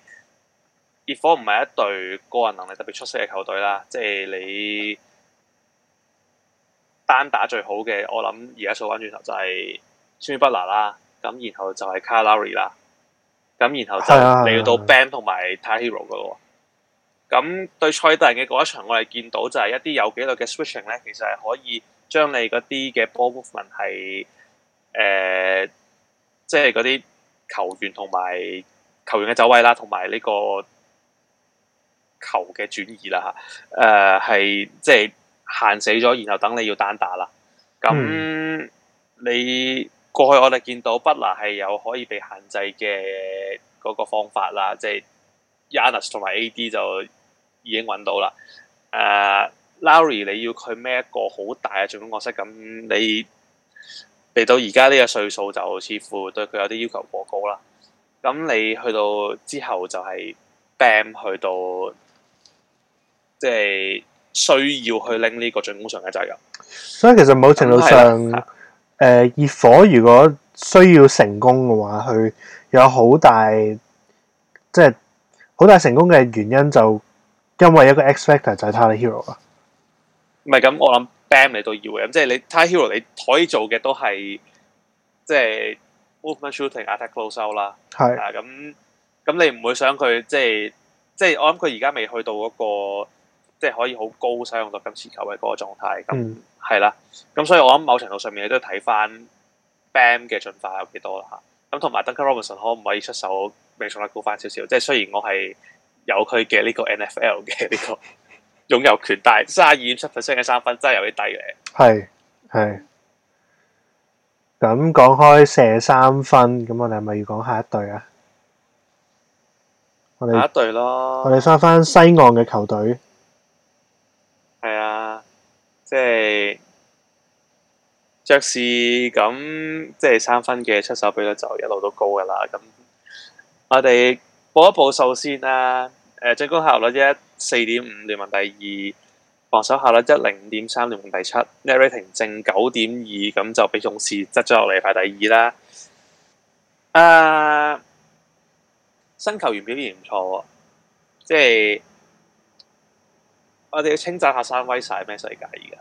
熱火唔係一隊個人能力特別出色嘅球隊啦，即、就、係、是、你單打最好嘅，我諗而家數翻轉頭就係 Jimmy Butler 啦，咁 <music> 然後就係 Kyle Lowry 啦，咁然後就嚟到 Bam 同埋 Tyler Herro 嘅咯。咁 <music> 對賽特人嘅嗰一場，我哋見到就係一啲有紀律嘅 Switching 咧，其實係可以將你嗰啲嘅 ball movement 係誒，即係嗰啲球員同埋球員嘅走位啦，同埋呢個。球嘅轉移啦嚇，誒係即係限死咗，然後等你要單打啦。咁、嗯、你過去我哋見到 Butler 係有可以被限制嘅嗰個方法啦，即、就、係、是、Yanis 同埋 AD 就已經揾到啦。誒、呃、Lowry 你要佢孭一個好大嘅進攻角色？咁你嚟到而家呢個歲數就似乎對佢有啲要求過高啦。咁你去到之後就係、是、Bam 去到。即、就、係、是、需要去拎呢個進攻上嘅責任，所以其實某程度上，誒、嗯，熱、啊呃、火如果需要成功嘅話，佢有好大，即係好大成功嘅原因，就因為一個 X factor 就係 Tyler Herro 啊。唔係咁，我諗 Bam 你都要咁，即係你 Tyler Herro 你可以做嘅都係即係 movement shooting attack closeout 啦。係啊，咁咁你唔會想佢即係即係我諗佢而家未去到嗰、那個。即係可以好高使用到今次球嘅嗰個狀態，咁係、嗯、啦。咁所以我諗某程度上面都睇翻 Bam 嘅進化有幾多啦吓。咁同埋 Duncan Robinson 可唔可以出手命中率高翻少少？即係雖然我係有佢嘅呢個 NFL 嘅呢個擁有權，但係三十二點七 percent 嘅三分真係有啲低嘅。係係。咁講開射三分，咁我哋係咪要講下一隊啊？我哋下一隊咯。我哋翻翻西岸嘅球隊。係啊，即係爵士咁，即係三分嘅出手比率就一路都高噶啦。咁我哋報一報數先啦，啊。誒、呃，進攻效率一四點五，聯盟第二；防守效率一零點三，聯盟第七。Net Rating 正九點二，咁就被勇士擠咗落嚟排第二啦。誒、啊，新球員表現唔錯，即係。我哋要稱讚下山威仔咩世界？而家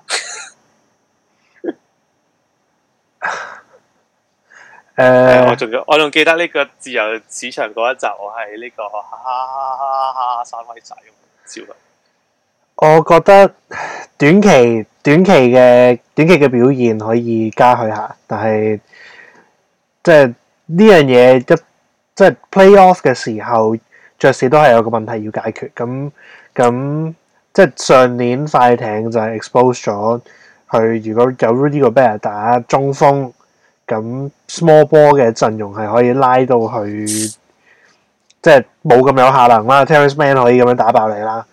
誒，我仲要我仲記得呢個自由市場嗰一集，我係呢個哈哈哈哈哈哈山威仔笑佢 <laughs> 我覺得短期短期嘅短期嘅表現可以加許下，但係即係、就、呢、是、樣嘢一即係、就是、playoff 嘅時候，爵士都係有個問題要解決咁咁。即係上年快艇就係 expose 咗佢如果有 Rudy Gobert 打中鋒，咁 small ball 嘅陣容係可以拉到佢，即係冇咁有效能啦。Terrence Mann 可以咁樣打爆你啦。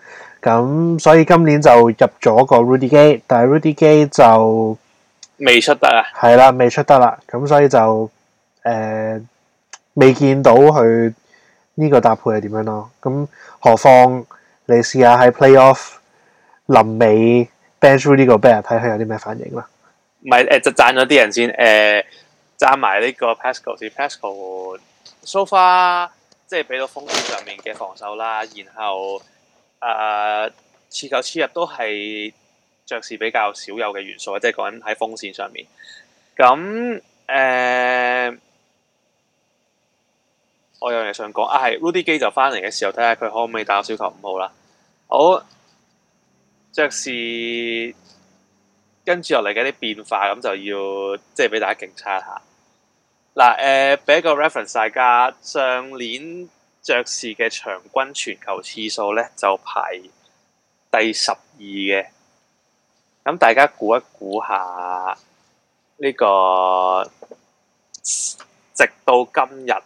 咁所以今年就入咗個 Rudy Gay 但係 Rudy Gay 就未出得啊。係啦，未出得啦。咁所以就、呃、未見到佢呢個搭配係點樣咯？咁何況？你試下喺 playoff 臨尾 bench 呢個 back 睇下有啲咩反應啦。咪誒、呃、就讚咗啲人先，誒讚埋呢個 Pascal 先。Pascal、so、far，即係俾到鋒線上面嘅防守啦，然後誒刺、呃、球刺入都係爵士比較少有嘅元素，即係講喺鋒線上面。咁、嗯、誒、呃，我有嘢想講啊，係 Rudy Gay 就翻嚟嘅時候，睇下佢可唔可以打小球五號啦。好，爵士跟住落嚟嘅啲變化，咁就要即係俾大家競猜一下。嗱、啊，誒、呃，俾一個 reference 大家，上年爵士嘅場均全球次數咧就排第十二嘅。咁大家估一估下呢、呢個直到今日呢、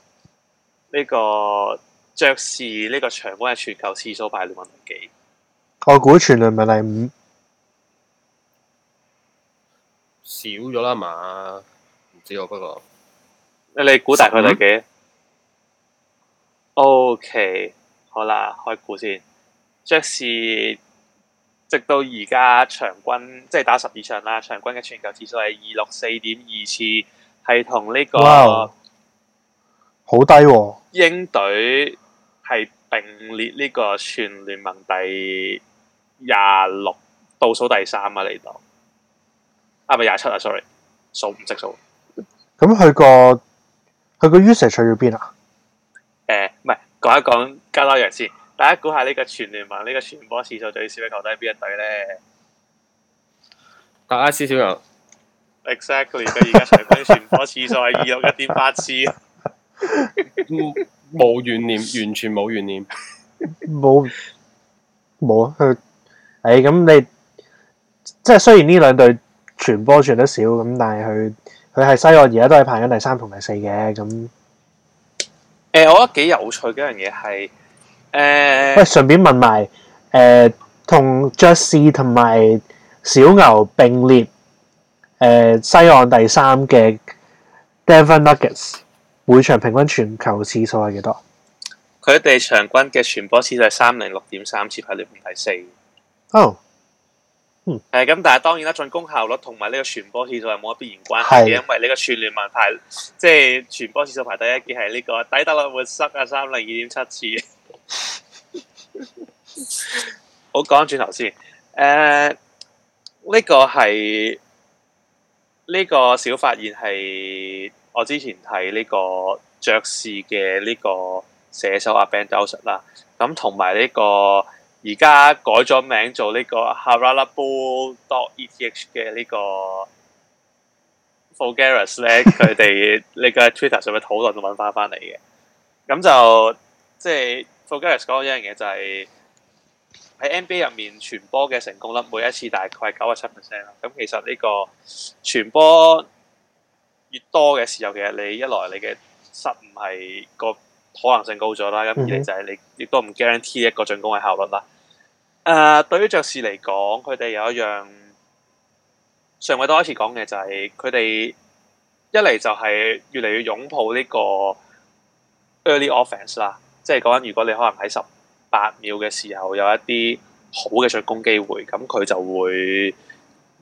呢個。爵士呢個場均嘅傳球次數排到萬零幾，我估全聯盟第五，少咗啦嘛，唔知道我不、那、過、個、你估大概係幾、嗯、？O、okay. K，好啦，開估先。爵士直到而家場均即係打十二場啦，場均嘅傳球次數係二六四點二次，係同呢個好低、哦，鷹隊。係並列呢個全聯盟第廿六，倒數第三啊，嚟到啊咪廿七啊，sorry，數唔識數。咁去個去個 u s r 去咗邊啊？誒，唔係講一講加拉揚先，大家估下呢個全聯盟呢個傳波次數最少嘅球隊係邊一隊咧？加拉揚，exactly，佢而家常規傳波次數係二六一點八次。 <laughs> <laughs> <laughs> 冇懸念，完全冇懸念，冇冇啊！佢，哎，咁你即係雖然呢兩隊傳波傳得少，咁但係佢佢係西岸而家都係排緊第三同第四嘅，咁。誒，我覺得幾有趣嘅一樣嘢係，誒，喂，順便問埋，誒，同爵士同埋小牛並列，誒，西岸第三嘅 Denver Nuggets。每場平均傳球次數係幾多？佢哋場均嘅傳波次數係三零六點三次，排列第四。哦，誒，咁但係當然啦，進攻效率同埋呢個傳波次數係冇必然關係嘅，因為呢個串聯問題，即係傳波次數排第一嘅係呢個底特律活塞啊，三零二點七次。好， <laughs> 講轉頭先，誒、這個，呢個係呢個小發現係。我之前睇呢個爵士嘅、啊、呢個射手阿 Ben Dawson 啦，咁同埋呢個而家改咗名做呢個 Haralabob dot ETH 嘅呢個 Voulgaris 咧，佢哋呢個 Twitter 上嘅討論都搵翻翻嚟嘅。咁就即係 Voulgaris 講一樣嘢，就係、是、喺、就是、NBA 入面傳波嘅成功率，每一次大概係九十七 percent 啦。咁其實呢個傳波越多嘅時候，其實你一來你嘅失誤係個可能性高咗啦，咁二嚟就係你亦都唔 guarantee 一個進攻嘅效率啦。誒、呃，對於爵士嚟講，佢哋有一樣上季多、就是、一次講嘅就係佢哋一嚟就係越嚟越擁抱呢個 early offense 啦，即係講緊如果你可能喺十八秒嘅時候有一啲好嘅進攻機會，咁佢就會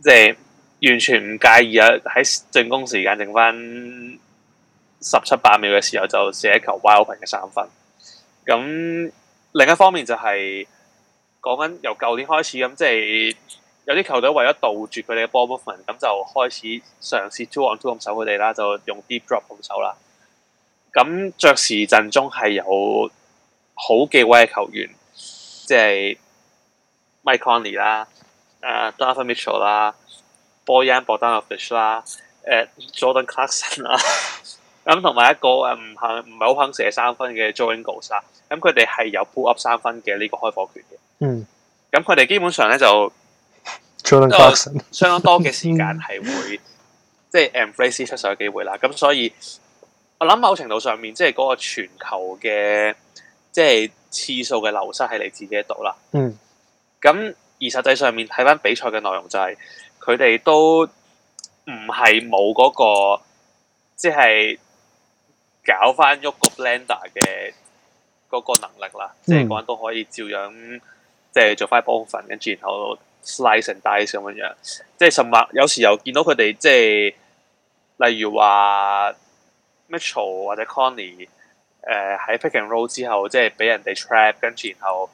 即係。就是完全唔介意啊！喺進攻時間剩翻十七八秒嘅時候，就射一球 wide open 嘅三分。咁另一方面就係講緊由舊年開始咁，即係有啲球隊為咗杜絕佢哋嘅 ball movement，咁就開始嘗試 two on two 咁守佢哋啦，就用 deep drop 咁守啦。咁爵士陣中係有好幾位嘅球員，即係 Mike Conley 啦、誒 Donovan Mitchell 啦，Bojan Bogdanović 啦，誒，Jordan Clarkson 啦，咁同埋一個誒唔肯唔係好肯射三分嘅 Joe Ingles 啊，咁佢哋係有 pull up 三分嘅呢個開火權嘅。嗯，咁佢哋基本上咧就 Jordan Clarkson 相當多嘅時間係會即係 <laughs> embrace 出手嘅機會啦。咁所以我諗某程度上面即係嗰個傳球嘅即係次數嘅流失係嚟自呢度啦。嗯，咁而實際上面睇翻比賽嘅內容就係、是。佢哋都唔係冇嗰個即係搞翻喐個 Blender 嘅嗰個能力啦、嗯。即係講都可以照樣即係做翻部分，跟住然後 slice and dice 咁樣，即係甚物？有時候有見到佢哋，即係例如話 Mitchell 或者 Connie 誒、呃，喺 Pick and Roll 之後即係俾人哋 trap，跟住然後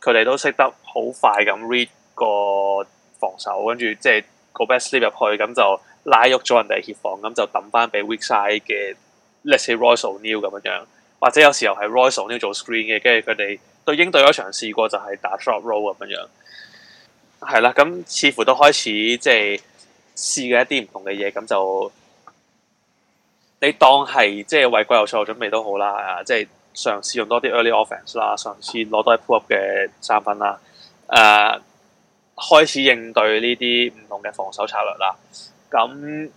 佢哋都識得好快咁 read 個。防守跟住即係個 best s l e e p 入去，咁就拉喐咗人哋協防，咁就抌翻俾 w e e k side 嘅 let’s say royce new 咁樣樣，或者有時候係 royce new 做 screen 嘅，跟住佢哋對英對嗰場試過就係打 s h o t roll 咁樣樣，係啦，咁似乎都開始即係試嘅一啲唔同嘅嘢，咁就你當係即係為季後賽準備都好啦，啊，即係嘗試用多啲 early offense 啦，嘗試攞多啲 pull up 嘅三分啦，誒、uh,。開始應對呢啲唔同嘅防守策略啦。咁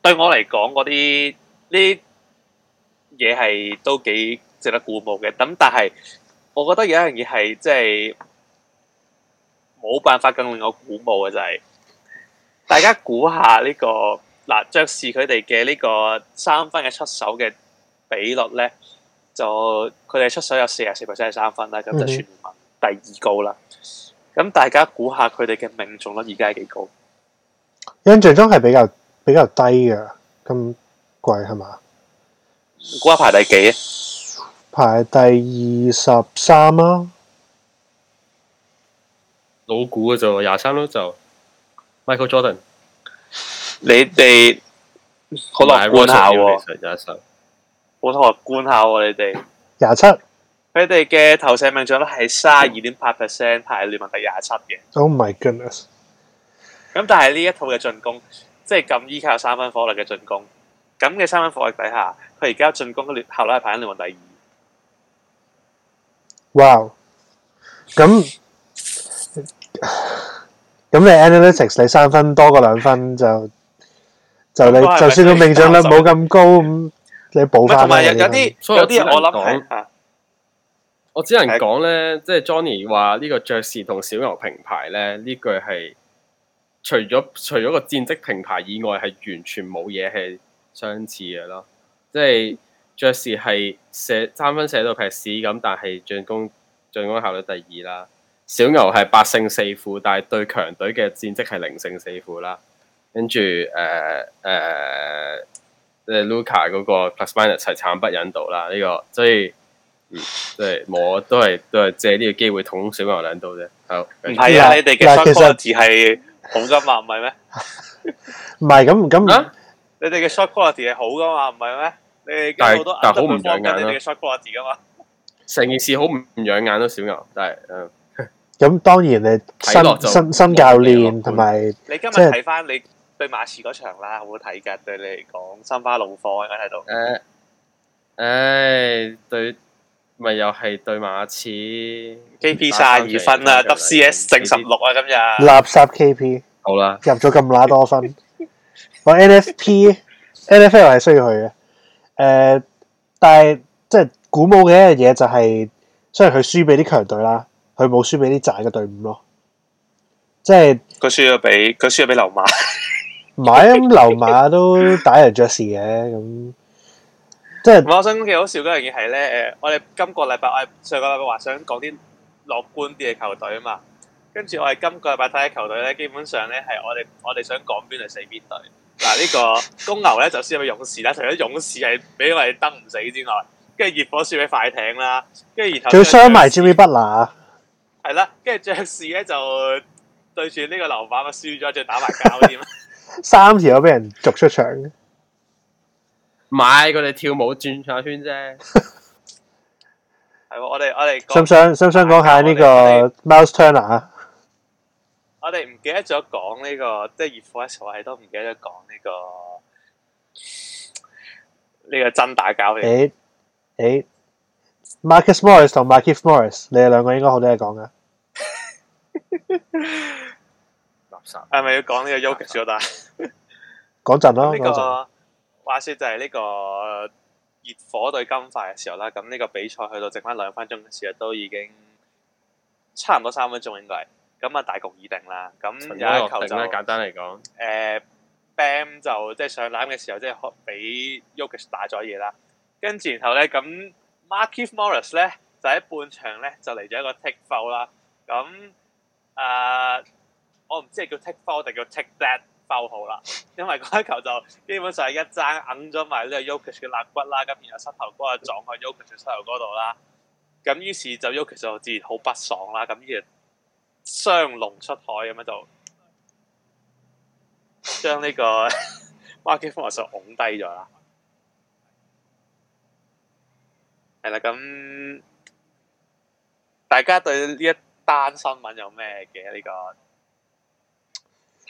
對我嚟講，嗰啲呢嘢係都幾值得鼓舞嘅。咁但係，我覺得有一樣嘢係即係冇辦法更令我鼓舞嘅就係，大家估下呢個嗱，爵士佢哋嘅呢個三分嘅出手嘅比率咧，就佢哋出手有四十四 percent 係三分啦，咁就全算第二高啦。咁大家估下佢哋嘅命中率而家係幾高？印象中係比較比較低嘅，咁貴係嘛？估下排第幾？排第二十三啊！老估嘅就廿三咯，就 Michael Jordan。你哋可樂觀下喎，廿三。可樂觀下喎，你哋廿七。佢哋嘅投射命中率係卅二點八 percent，排聯盟第廿七嘅。Oh my goodness！咁但係呢一套嘅進攻，即係咁依靠三分火力嘅進攻，咁嘅三分火力底下，佢而家進攻嘅效率係排緊聯盟第二。哇！咁咁你 Analytics 你三分多過兩分就就你就算個命中率冇咁高咁，你補翻啦。同埋有啲有啲人我諗係。我只能講咧，即係 Johnny 話呢個爵士同小牛平牌咧，呢句係除咗除咗個戰績平牌以外，係完全冇嘢係相似嘅咯。即係爵士係射三分射到劈屎咁，但係進攻進攻效率第二啦。小牛係八勝四負，但係對強隊嘅戰績係零勝四負啦。跟住誒誒，即、呃、係、呃、Luka 嗰個 plus minus 係慘不忍睹啦。呢、這個所以。嗯，即係我都係都係借呢個機會捅小牛兩刀啫。好，唔係啊，你哋嘅 shot quality 係好噶嘛？唔係咩？唔係咁咁唔，你哋嘅 shot quality 係好噶嘛？唔係咩？你哋好多但好唔養眼，你哋嘅 shot quality 噶嘛？成件事好唔養眼咯，小牛。但係，嗯，咁當然你新新新教練同埋，你今日睇翻你對馬刺嗰場啦，好唔好睇噶？對你嚟講，心花怒放啊！睇到，誒，唉，對。咪又係對馬刺，KP 卅二分啊，WCS 正十六啊今。今日垃圾 KP，好啦，入咗咁乸多分。我 <laughs> 說 NFP，NFA <laughs> 又係需要佢嘅。誒、呃，但係即係古武嘅一樣嘢就係、是，雖然佢輸俾啲強隊啦，佢冇輸俾啲寨嘅隊伍咯。即係佢輸咗俾，佢輸咗俾流馬。 <laughs> 唔係咁流馬都打贏爵士嘅咁。即、就、係、是，我想講嘅好笑嗰樣嘢係咧，誒，我哋今個禮拜我哋上個禮拜話想講啲樂觀啲嘅球隊啊嘛，跟住我哋今個禮拜睇嘅球隊咧，基本上咧係我哋我哋想講邊就死邊隊。嗱呢、啊，這個公牛咧就輸俾勇士啦，除咗勇士係俾我哋登唔死之外，跟住熱火輸俾快艇啦，跟住然後仲要傷埋 Jimmy Butler 係啦，跟住爵士咧就對住呢個籃板咪輸咗，仲要打埋交添， <laughs> 三條友俾人逐出場的。唔係，佢哋跳舞轉下圈啫。係我哋我哋想想想想講下呢個 Masterson 啊。我哋唔記得咗講呢個，即係熱火一齊都唔記得講呢個呢個真打交嘅。誒，Marcus Morris 同 Markieff Morris，你哋兩個應該好多嘢講噶。垃圾係咪要講呢個 Jokic？講陣啦，講陣。話說就係呢個熱火對金塊嘅時候啦，咁呢個比賽去到剩返兩分鐘嘅時候，都已經差唔多三分鐘應該係，咁啊大局已定啦。咁有一球就簡單嚟講，誒、呃、Bam 就即係、就是、上籃嘅時候，即係俾 Jokic 打咗嘢啦。跟住然後咧，咁 Markieff Morris 咧就喺半場咧就嚟咗一個 take foul 啦。咁啊、呃，我唔知係叫 take foul 定叫 take that。爆好啦，因為嗰一球就基本上係一爭揞咗埋呢個 Yokic 嘅肋骨啦，咁然後膝頭哥撞去 Yokic 嘅膝頭哥度啦，咁於是就 Yokic 就自然好不爽啦，咁於是雙龍出海咁樣就將呢、這個 <laughs> <laughs> <laughs> Markieff Morris，就拱低咗啦。係啦，咁大家對呢一單新聞有咩嘅呢個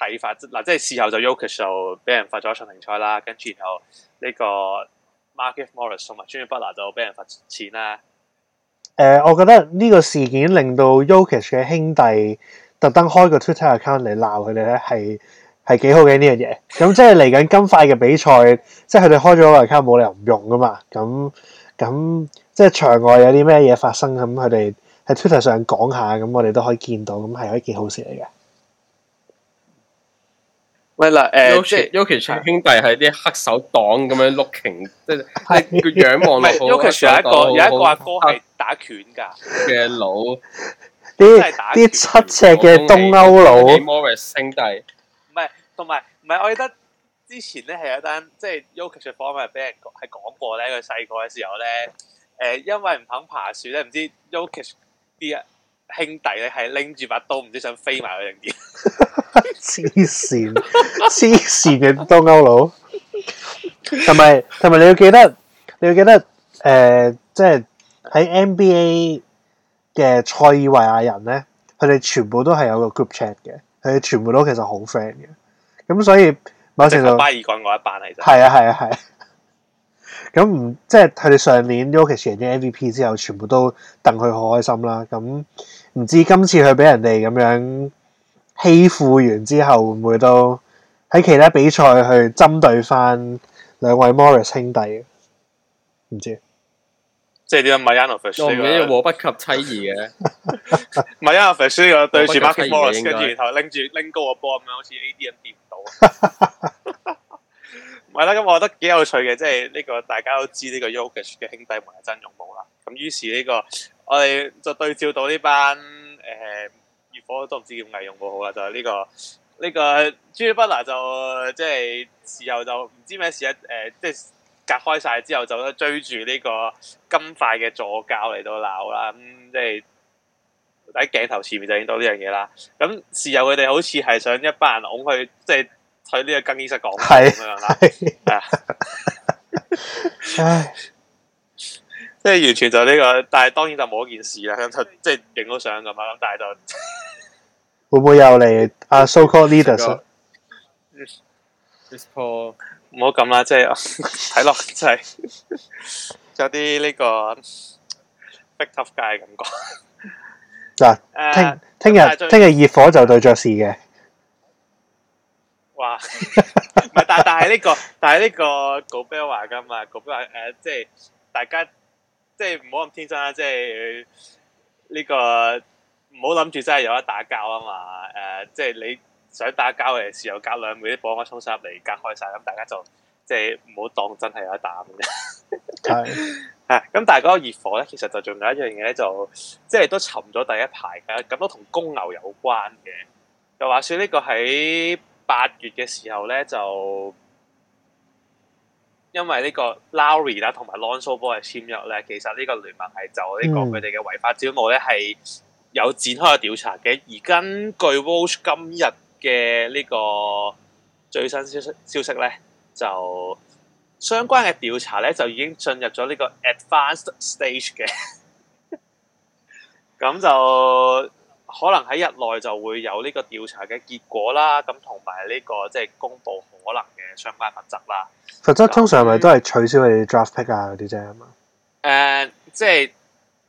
睇法嗱，即係事後就 y o k e s 就俾人罰咗一場停賽啦，跟住然後呢個 Market Morris 同埋 j i m 拿就俾人罰錢啦。誒，我覺得呢個事件令到 y o k e s 嘅兄弟特登開個 Twitter account 嚟鬧佢哋咧，係係幾好嘅呢樣嘢。咁即係嚟緊金快嘅比賽，即係佢哋開咗個 account 冇理由唔用噶嘛。咁咁即係場外有啲咩嘢發生，咁佢哋喺 Twitter 上講一下，咁我哋都可以見到，咁係一件好事嚟嘅。咪啦，誒、呃、y o k i s h、就是、兄弟係啲黑手黨咁樣碌拳，即係個仰望 y o k i s h 有一個有一個阿哥係打拳噶，嘅佬，啲啲七尺嘅東歐佬。Morris 兄弟，唔係，同埋唔係，我記得之前咧係有一單即係、就是、y o k i s h 嘅訪問人，係俾人係講過咧，佢細個嘅時候咧，誒、呃，因為唔肯爬樹咧，唔知 y o k i s h 啲兄弟咧係拎住把刀，唔知想飛埋佢定點。 <laughs> 黐 <laughs> 線，黐線嘅東歐佬，同埋同埋你要記得，你要記得誒、呃，即係喺 NBA 嘅塞爾維亞人咧，佢哋全部都係有個 group chat 嘅，佢哋全部都其實好 friend 嘅，咁所以某程度巴爾幹一班嚟，係啊係啊係，咁唔、啊啊、即係佢哋上年 Jokic 贏咗 MVP 之後，全部都戥佢好開心啦。咁唔知今次佢俾人哋咁樣。欺負完之後會唔會都喺其他比賽去針對翻兩位 Morris 兄弟？唔知即係點樣 Marjanovic 禍不及妻兒嘅 Marjanovic 個對住 Mark Morris 跟住然後拎住拎高個波咁樣，好似 AD 都掂唔到。唔係啦，咁我覺得幾有趣嘅，即係呢個大家都知呢個 Jokic 嘅兄弟們係真勇武啦。咁於是呢、這個我哋就對照到呢班誒。呃火都唔知叫危用過好啦，就係、是、呢、這個呢、這個朱布拉就即係事後就唔知咩事啊，誒、呃，即係隔開晒之後就這、嗯，就追住呢個金塊嘅助教嚟到鬧啦，咁即係喺鏡頭前面就影到呢樣嘢啦。咁事後佢哋好似係想一班人㧬佢，即係去呢個更衣室講，係咁樣啦 <laughs> 是的。 <laughs> <laughs> 唉，即係完全就呢、這個，但係當然就冇一件事啦，即係影到相咁樣，但係就是。會唔會又嚟啊？So called leaders，唔好咁啦，即係睇落就係有啲呢個 big tough guy 嘅感覺。嗱，聽聽日聽日熱火就對爵士嘅。哇！唔係但但係呢個但係呢個古貝爾話噶嘛？古貝爾誒，即係大家即係唔好咁天真啦，即係呢個。唔好諗住真係有得打交啊嘛！誒、呃，即、就、係、是、你想打交嘅時候，隔兩秒啲保安衝晒入嚟，隔開晒，咁大家就即係唔好當真係有得打嘅。係，咁 <laughs> 但係嗰個熱火咧，其實就仲有一樣嘢咧，就即係都沉咗第一排嘅，咁都同公牛有關嘅。就話說呢個喺八月嘅時候咧，就因為呢個 Lowry 啦同埋 Lonzo 波嘅簽約咧，其實呢個聯盟係就呢個佢哋嘅違法招募咧係。嗯有展開嘅調查嘅，而根據 Watch 今日嘅呢個最新消息消息咧，就相關嘅調查咧就已經進入咗呢個 advanced stage 嘅，咁 <laughs> 就可能喺日內就會有呢個調查嘅結果啦，咁同埋呢個即係公布可能嘅相關罰則啦。罰則通常咪都係取消你 draft pick 啊嗰啲啫嘛。誒、就係，即係。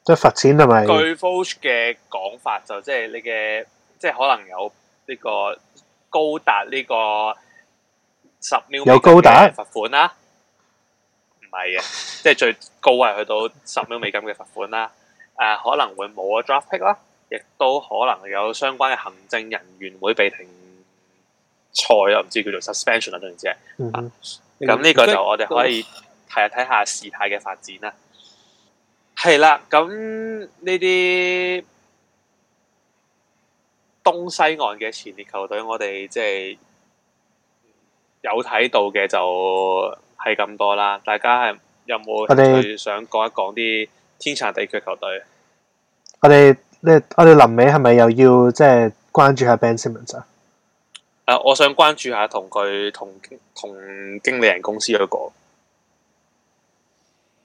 即係罰錢係咪？據 f o u r 嘅講法就即係你嘅，即係可能有呢個高達呢個十 mil 有高達罰款啦。唔係嘅，即係最高係去到十 mil 美金嘅罰款啦。誒、 <laughs> 啊，可能會冇咗 draft pick 啦，亦都可能有相關嘅行政人員會被停賽啊，唔知道叫做 suspension 等等、嗯、啊、等、嗯。唔知啊。咁呢個就我哋可以係睇下事態嘅發展啦。係啦，咁呢啲東西岸嘅前列球隊，我哋即係有睇到嘅就係咁多啦。大家係有冇想講一講啲天殘地絕球隊？我哋咧，我哋臨尾係咪又要即係、即係、關注下 Ben Simmons 啊？我想關注下同佢同同經理人公司嗰、嗰個。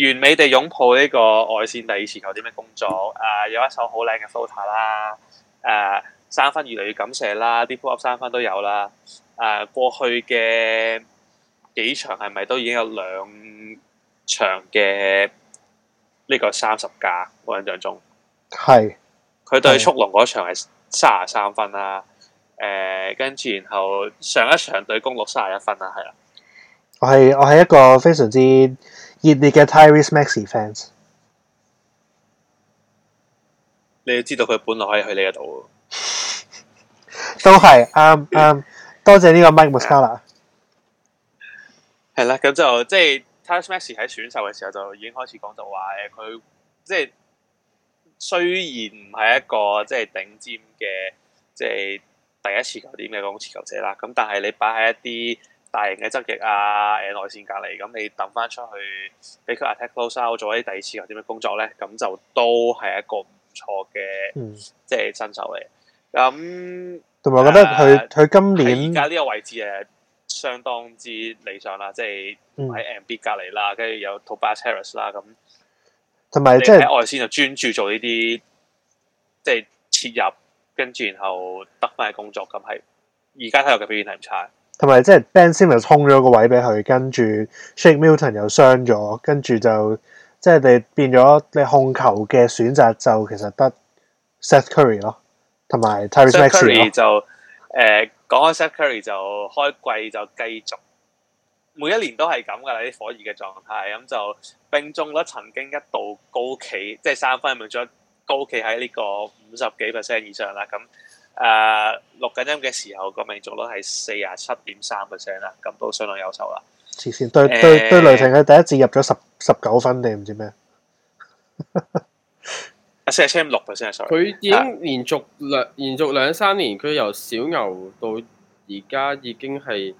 完美地擁抱呢個外線第二前球啲咩工作？誒、呃、有一手好靚嘅 floater 啦，誒三分越嚟越敢射啦，啲 pull up 三分都有啦。誒、 <noise> 啊、過去嘅幾場係咪都已經有兩場嘅呢個三十加？我印象中係佢對速龍嗰場係三十三分啦，誒、呃、跟住然後上一場對公鹿三十一分啦，係啦、啊。我係我係一個非常之。熱烈嘅 Tyrese Maxey fans，你要知道佢本來可以去呢一度，都係嗯嗯，多謝呢個 Mike Muscala。係啦，咁就即係 Tyrese 喺選秀嘅時候就已經開始講就話誒，佢即係雖然唔係一個即係、就是、頂尖嘅，即、就、係、是、第一次球點嘅持球者啦。咁但係你擺喺一啲大型嘅側翼啊，誒內線隔離，咁你抌翻出去，俾佢 attack close out 做一啲第二次球啲嘅工作咧，咁就都係一個唔錯嘅、嗯，即係新手嚟。咁同埋我覺得佢佢、啊、今年而家呢個位置誒，相當之理想啦，即係喺 MB 隔離啦，跟、嗯、住有 Tobias Harris 啦，咁同埋即係喺外線就專注做呢啲，即係切入，跟住然後得翻嘅工作，咁係而家睇落嘅表現係唔差。同埋即係 Ben Simmons 空咗個位俾佢，跟住 Shake Milton 又傷咗，跟住就即係、就是、你變咗你控球嘅選擇就其實得 Seth Curry 咯，同埋 Tyrese Maxey 就誒講開 Seth Curry 就、呃、Curry 就開季就繼續每一年都係咁噶啦啲火熱嘅狀態，咁就命中率曾經一度高企，即係三分命中率高企喺呢個五十幾 percent 以上啦，咁。誒、呃，錄緊音嘅時候個命中率係四十七點三 percent 啦，咁都相當優秀啦。此前對對對雷霆嘅第一次入咗十十九分你唔知咩？ <laughs> 啊，四十七點六 percent，sorry。佢已經連續兩連續兩三年，佢由小牛到而家已經係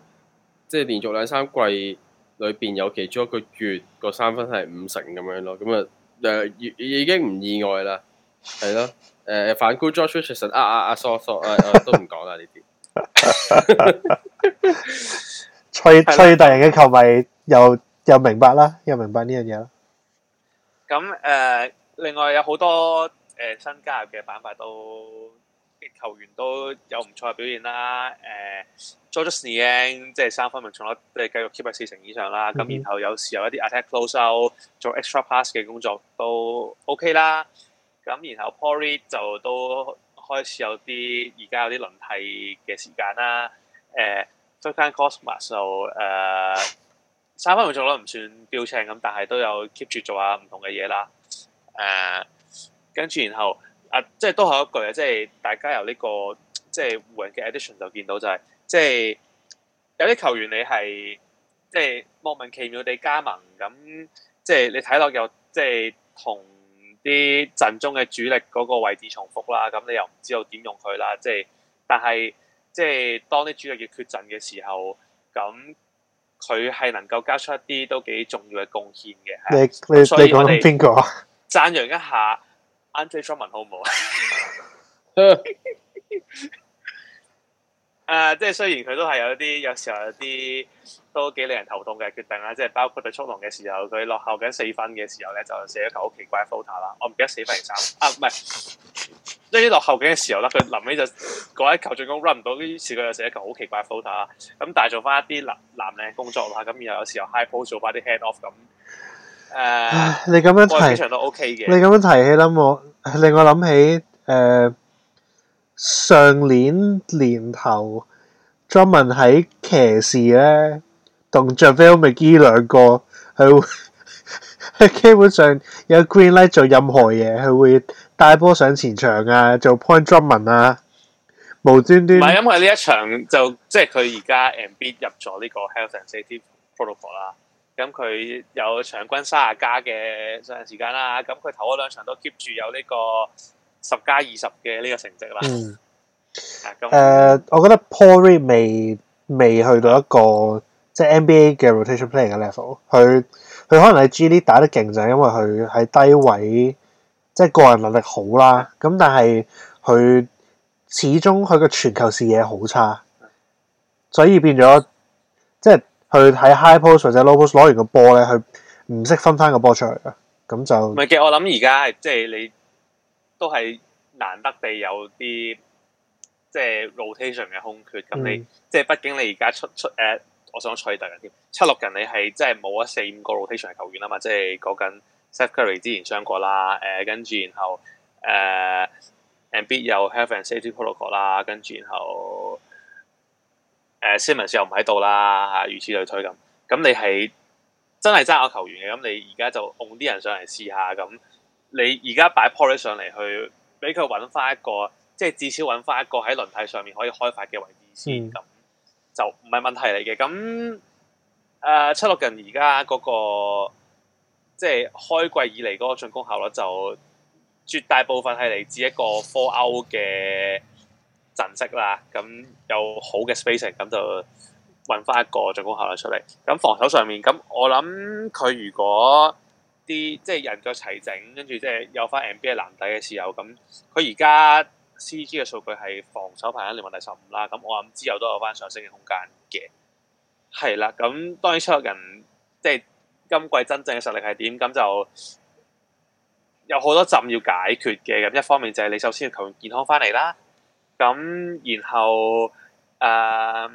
即係連續兩三季裏邊有其中一個月，那個三分係五成咁樣咯，咁啊誒已經唔意外啦，係咯。誒、呃，反觀 George Richardson，啊啊啊，sorry sorry，誒都唔講啦呢啲。崔 <laughs> <laughs> 大隊嘅球迷又又明白啦，又明白呢樣嘢啦。咁誒、 <laughs> 呃，另外有好多誒、呃、新加入嘅板塊都，球員都有唔錯嘅表現啦。誒 Georges Niang 即係三分命中率都係繼續 keep 喺四成以上啦。咁、嗯、然後有時有一啲 attack close out 做 extra pass 嘅工作都 OK 啦。咁然後 Pory 就都開始有啲而家有啲輪替嘅時間啦。誒，Juan Toscano 就誒三分未做咯，唔算標青咁，但係都有 keep 住做下唔同嘅嘢啦。誒、呃，跟住然後啊、呃，即係都係一句啊，即係大家由呢、這個即係湖人嘅 addition 就見到就係、是、即係有啲球員你係即係莫名其妙地加盟咁，即係你睇落又即係同。啲陣中嘅主力嗰個位置重複啦，咁你又唔知道點用佢啦，即係，但係即係當啲主力要缺陣嘅時候，咁佢係能夠加出一啲都幾重要嘅貢獻嘅。你你你講緊邊個啊？讚揚一下 Andre Drummond 好唔好啊？誒 <laughs> <laughs> 、呃，即係雖然佢都係有啲，有時候有啲。都幾令人頭痛嘅決定啦，即係包括佢沖龍嘅時候，佢落後緊四分嘅時候咧，就射一球好奇怪嘅 floater 啦。我唔記得四分定三啊，唔係即係落後緊嘅時候啦。佢臨尾就嗰一球進攻 run 唔到，於是佢又射一球好奇怪嘅 floater 啦。咁但係做翻一啲男男僆工作啦，咁然後有時候 high post 做翻啲 hand off 咁誒。你咁樣提場都 OK 嘅。你咁樣提起諗我，令我諗起誒上年年頭，Jonathan 喺騎士咧。同 JaVale McGee 兩個，係基本上有 green light 做任何嘢，佢會帶波上前場啊，做 point Drummond 啊，無端端唔係因為呢一場就即係佢而家 Embiid 入咗呢個 health and safety protocol 啦。咁佢有場均三十加嘅上時間啦。咁佢頭嗰兩場都 keep 住有呢個十加二十嘅呢個成績啦。嗯，誒、啊，uh, 我覺得 Paul Reed 未未去到一個。即係 NBA 嘅 rotation player 嘅 level，佢佢可能喺 G League 打得勁，就係因為佢喺低位，即係個人能力好啦。咁但係佢始終佢嘅全球視野好差，所以變咗即係佢喺 high post 或者 low post 攞完個波咧，佢唔識分翻個波出嚟啊。咁就唔係嘅，我諗而家係即係你都係難得地有啲即係 rotation 嘅空缺。咁，嗯，你即係畢竟你而家出出誒。出我想取大嘅添，七六人你係真係冇咗四五個 rotation 嘅球員啊嘛，即係講緊 Seth Curry 之前傷過啦，誒、呃、跟住然後誒 Embiid 又 Health and Safety Protocol 啦，跟住然後誒、呃、Simmons 又唔喺度啦，嚇、啊、如此類推咁。咁你係真係爭我球員嘅，咁你而家就㧬啲人上嚟試下咁。你而家擺 Polish 上嚟去，俾佢揾翻一個，即係至少揾翻一個喺輪替上面可以開發嘅位置先咁。嗯就唔係問題嚟嘅，咁誒、呃、七六人而家嗰個即係、就是、開季以嚟嗰個進攻效率就絕大部分係嚟自一個 four out 嘅陣式啦，咁有好嘅 spacing，咁就揾翻一個進攻效率出嚟。咁防守上面，咁我諗佢如果啲即係人腳齊整，跟住即係有翻 NBA 籃底嘅時候，咁佢而家。C. G. 嘅數據係防守排名聯盟第十五啦，咁我諗之後都有翻上升嘅空間嘅。係啦，咁當然出人即係、就是、今季真正嘅實力係點？咁就有好多站要解決嘅。咁一方面就係你首先要求健康翻嚟啦。咁然後誒、呃，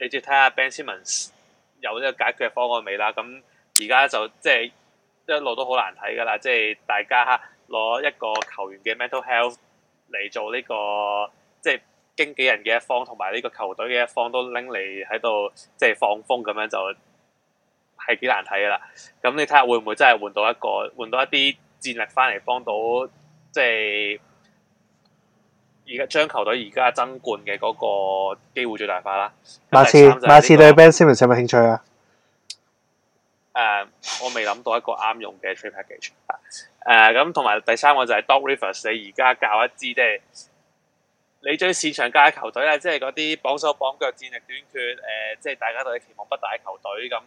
你就睇下 Ben Simmons 有呢個解決嘅方案未啦？咁而家就即係、就是、一路都好難睇噶啦。即、就、係、是、大家攞一個球員嘅 mental health。嚟做呢、這個即係、就是、經紀人嘅一方，同埋呢個球隊嘅一方都拎嚟喺度即係放風咁樣，就係幾難睇噶啦。咁你睇下會唔會真係換到一個換到一啲戰力翻嚟，幫到即係而家將球隊而家爭冠嘅嗰個機會最大化啦。馬刺，馬刺對 Ben Simmons 有冇興趣啊？誒、uh,，我未諗到一個啱用嘅 trade package、uh,。誒，咁同埋第三個就係 Doc Rivers，你而家教一支即係你最擅長教嘅球隊咧，即係嗰啲綁手綁腳、戰力短缺，誒、呃，即、就、係、是、大家都期望不大嘅球隊，咁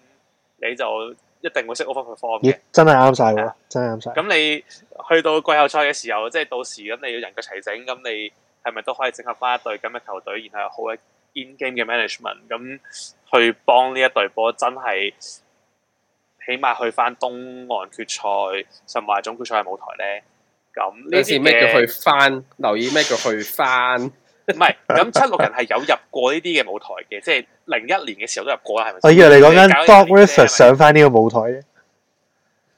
你就一定會識 overperform。咦，真係啱晒喎！真係啱晒。咁、uh, 你去到季後賽嘅時候，即、就、係、是、到時咁你要人腳齊整，咁你係咪都可以整合翻一隊咁嘅球隊，然後有好嘅 in game 嘅 management，咁去幫呢一隊波，真係。起碼去翻東岸決賽，甚至係總決賽嘅舞台咧。咁呢次咩叫去翻？留意咩叫去翻？唔係，咁七六人係有入過呢啲嘅舞台嘅，即係零一年嘅時候都入過啦，係咪？我以為你講緊 Doc Rivers 上翻呢個舞台嘅，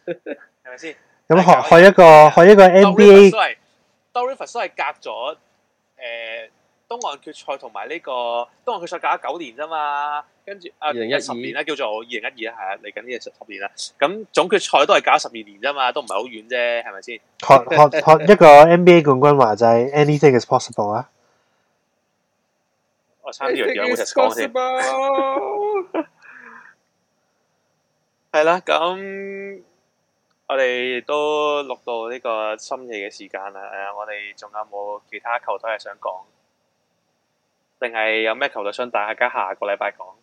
係咪先？咁學學一個學一個 NBA，Doc Rivers 都係隔咗誒東岸決賽同埋呢個東岸決賽隔咗九年啫嘛。跟住，二零一十年啦，叫做二零一二啦，係啊，嚟緊呢個十年啦。咁總決賽都係隔咗十二年啫嘛，都唔係好遠啫，係咪先？確確確，一個 NBA 冠軍話就係 Anything is possible 啊！我差啲又而家冇嘢講添。係啦，咁我哋都錄到呢個深夜嘅時間啦。誒，我哋仲有冇其他球隊係想講？定係有咩球隊想大家下個禮拜講？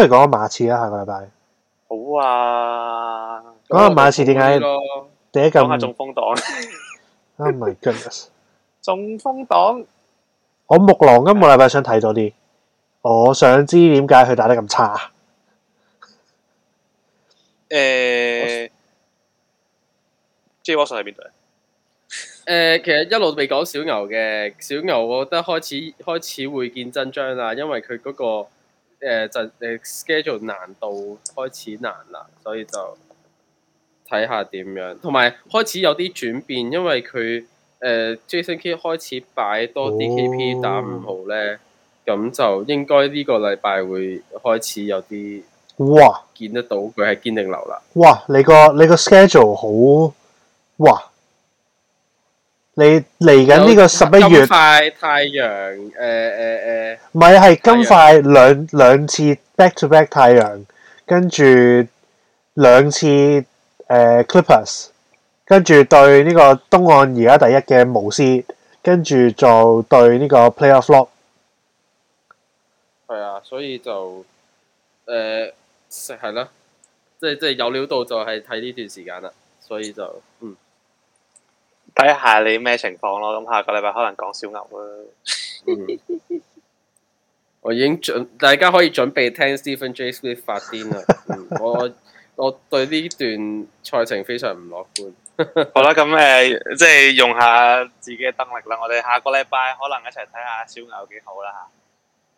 不如講下馬刺啦，下個禮拜。好啊，講下馬刺點解第一球係中鋒擋。Oh my goodness！中鋒擋。我木狼今個禮拜想睇多啲，我想知點解佢打得咁差。誒、欸、，J 係邊隊？誒、欸，其實一路未講小牛嘅小牛，我覺得開始開始會見真章啦，因為佢嗰個。誒、uh，就、uh, 誒 schedule 難度開始難啦，所以就睇下點樣，同埋開始有啲轉變，因為佢誒、uh, Jason K 開始擺多啲 K P 打五號咧，咁就應該呢個禮拜會開始有啲哇見得到佢係堅定流啦。哇，你個你個 schedule 好哇！你嚟緊呢個十一月？金塊太陽，誒誒誒。唔係啊，係、呃、金塊兩,兩次 back to back 太陽，跟住兩次誒、呃、Clippers，跟住對呢個東岸而家第一嘅巫師，跟住就對呢個 Playoff lock。係啊，所以就誒，係、呃、啦，即係即係有料到就係睇呢段時間啦，所以就嗯。睇下你咩情況咯，咁下個禮拜可能講小牛啦。 <laughs> <laughs> 我已經準，大家可以準備聽 Stephen J. Smith 發癲啦。我我對呢段賽程非常唔樂觀。 <laughs> 好啦，咁誒，即係用一下自己嘅動力啦。我哋下個禮拜可能一齊睇下小牛幾好啦吓。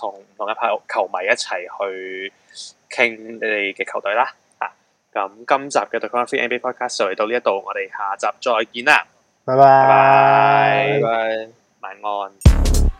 同唔同一派球迷一齊去傾你哋嘅球隊啦，吓，咁今集嘅《The Corner 3 NBA Podcast》就嚟到呢一度，我哋下集再見啦，拜拜，拜拜，晚安。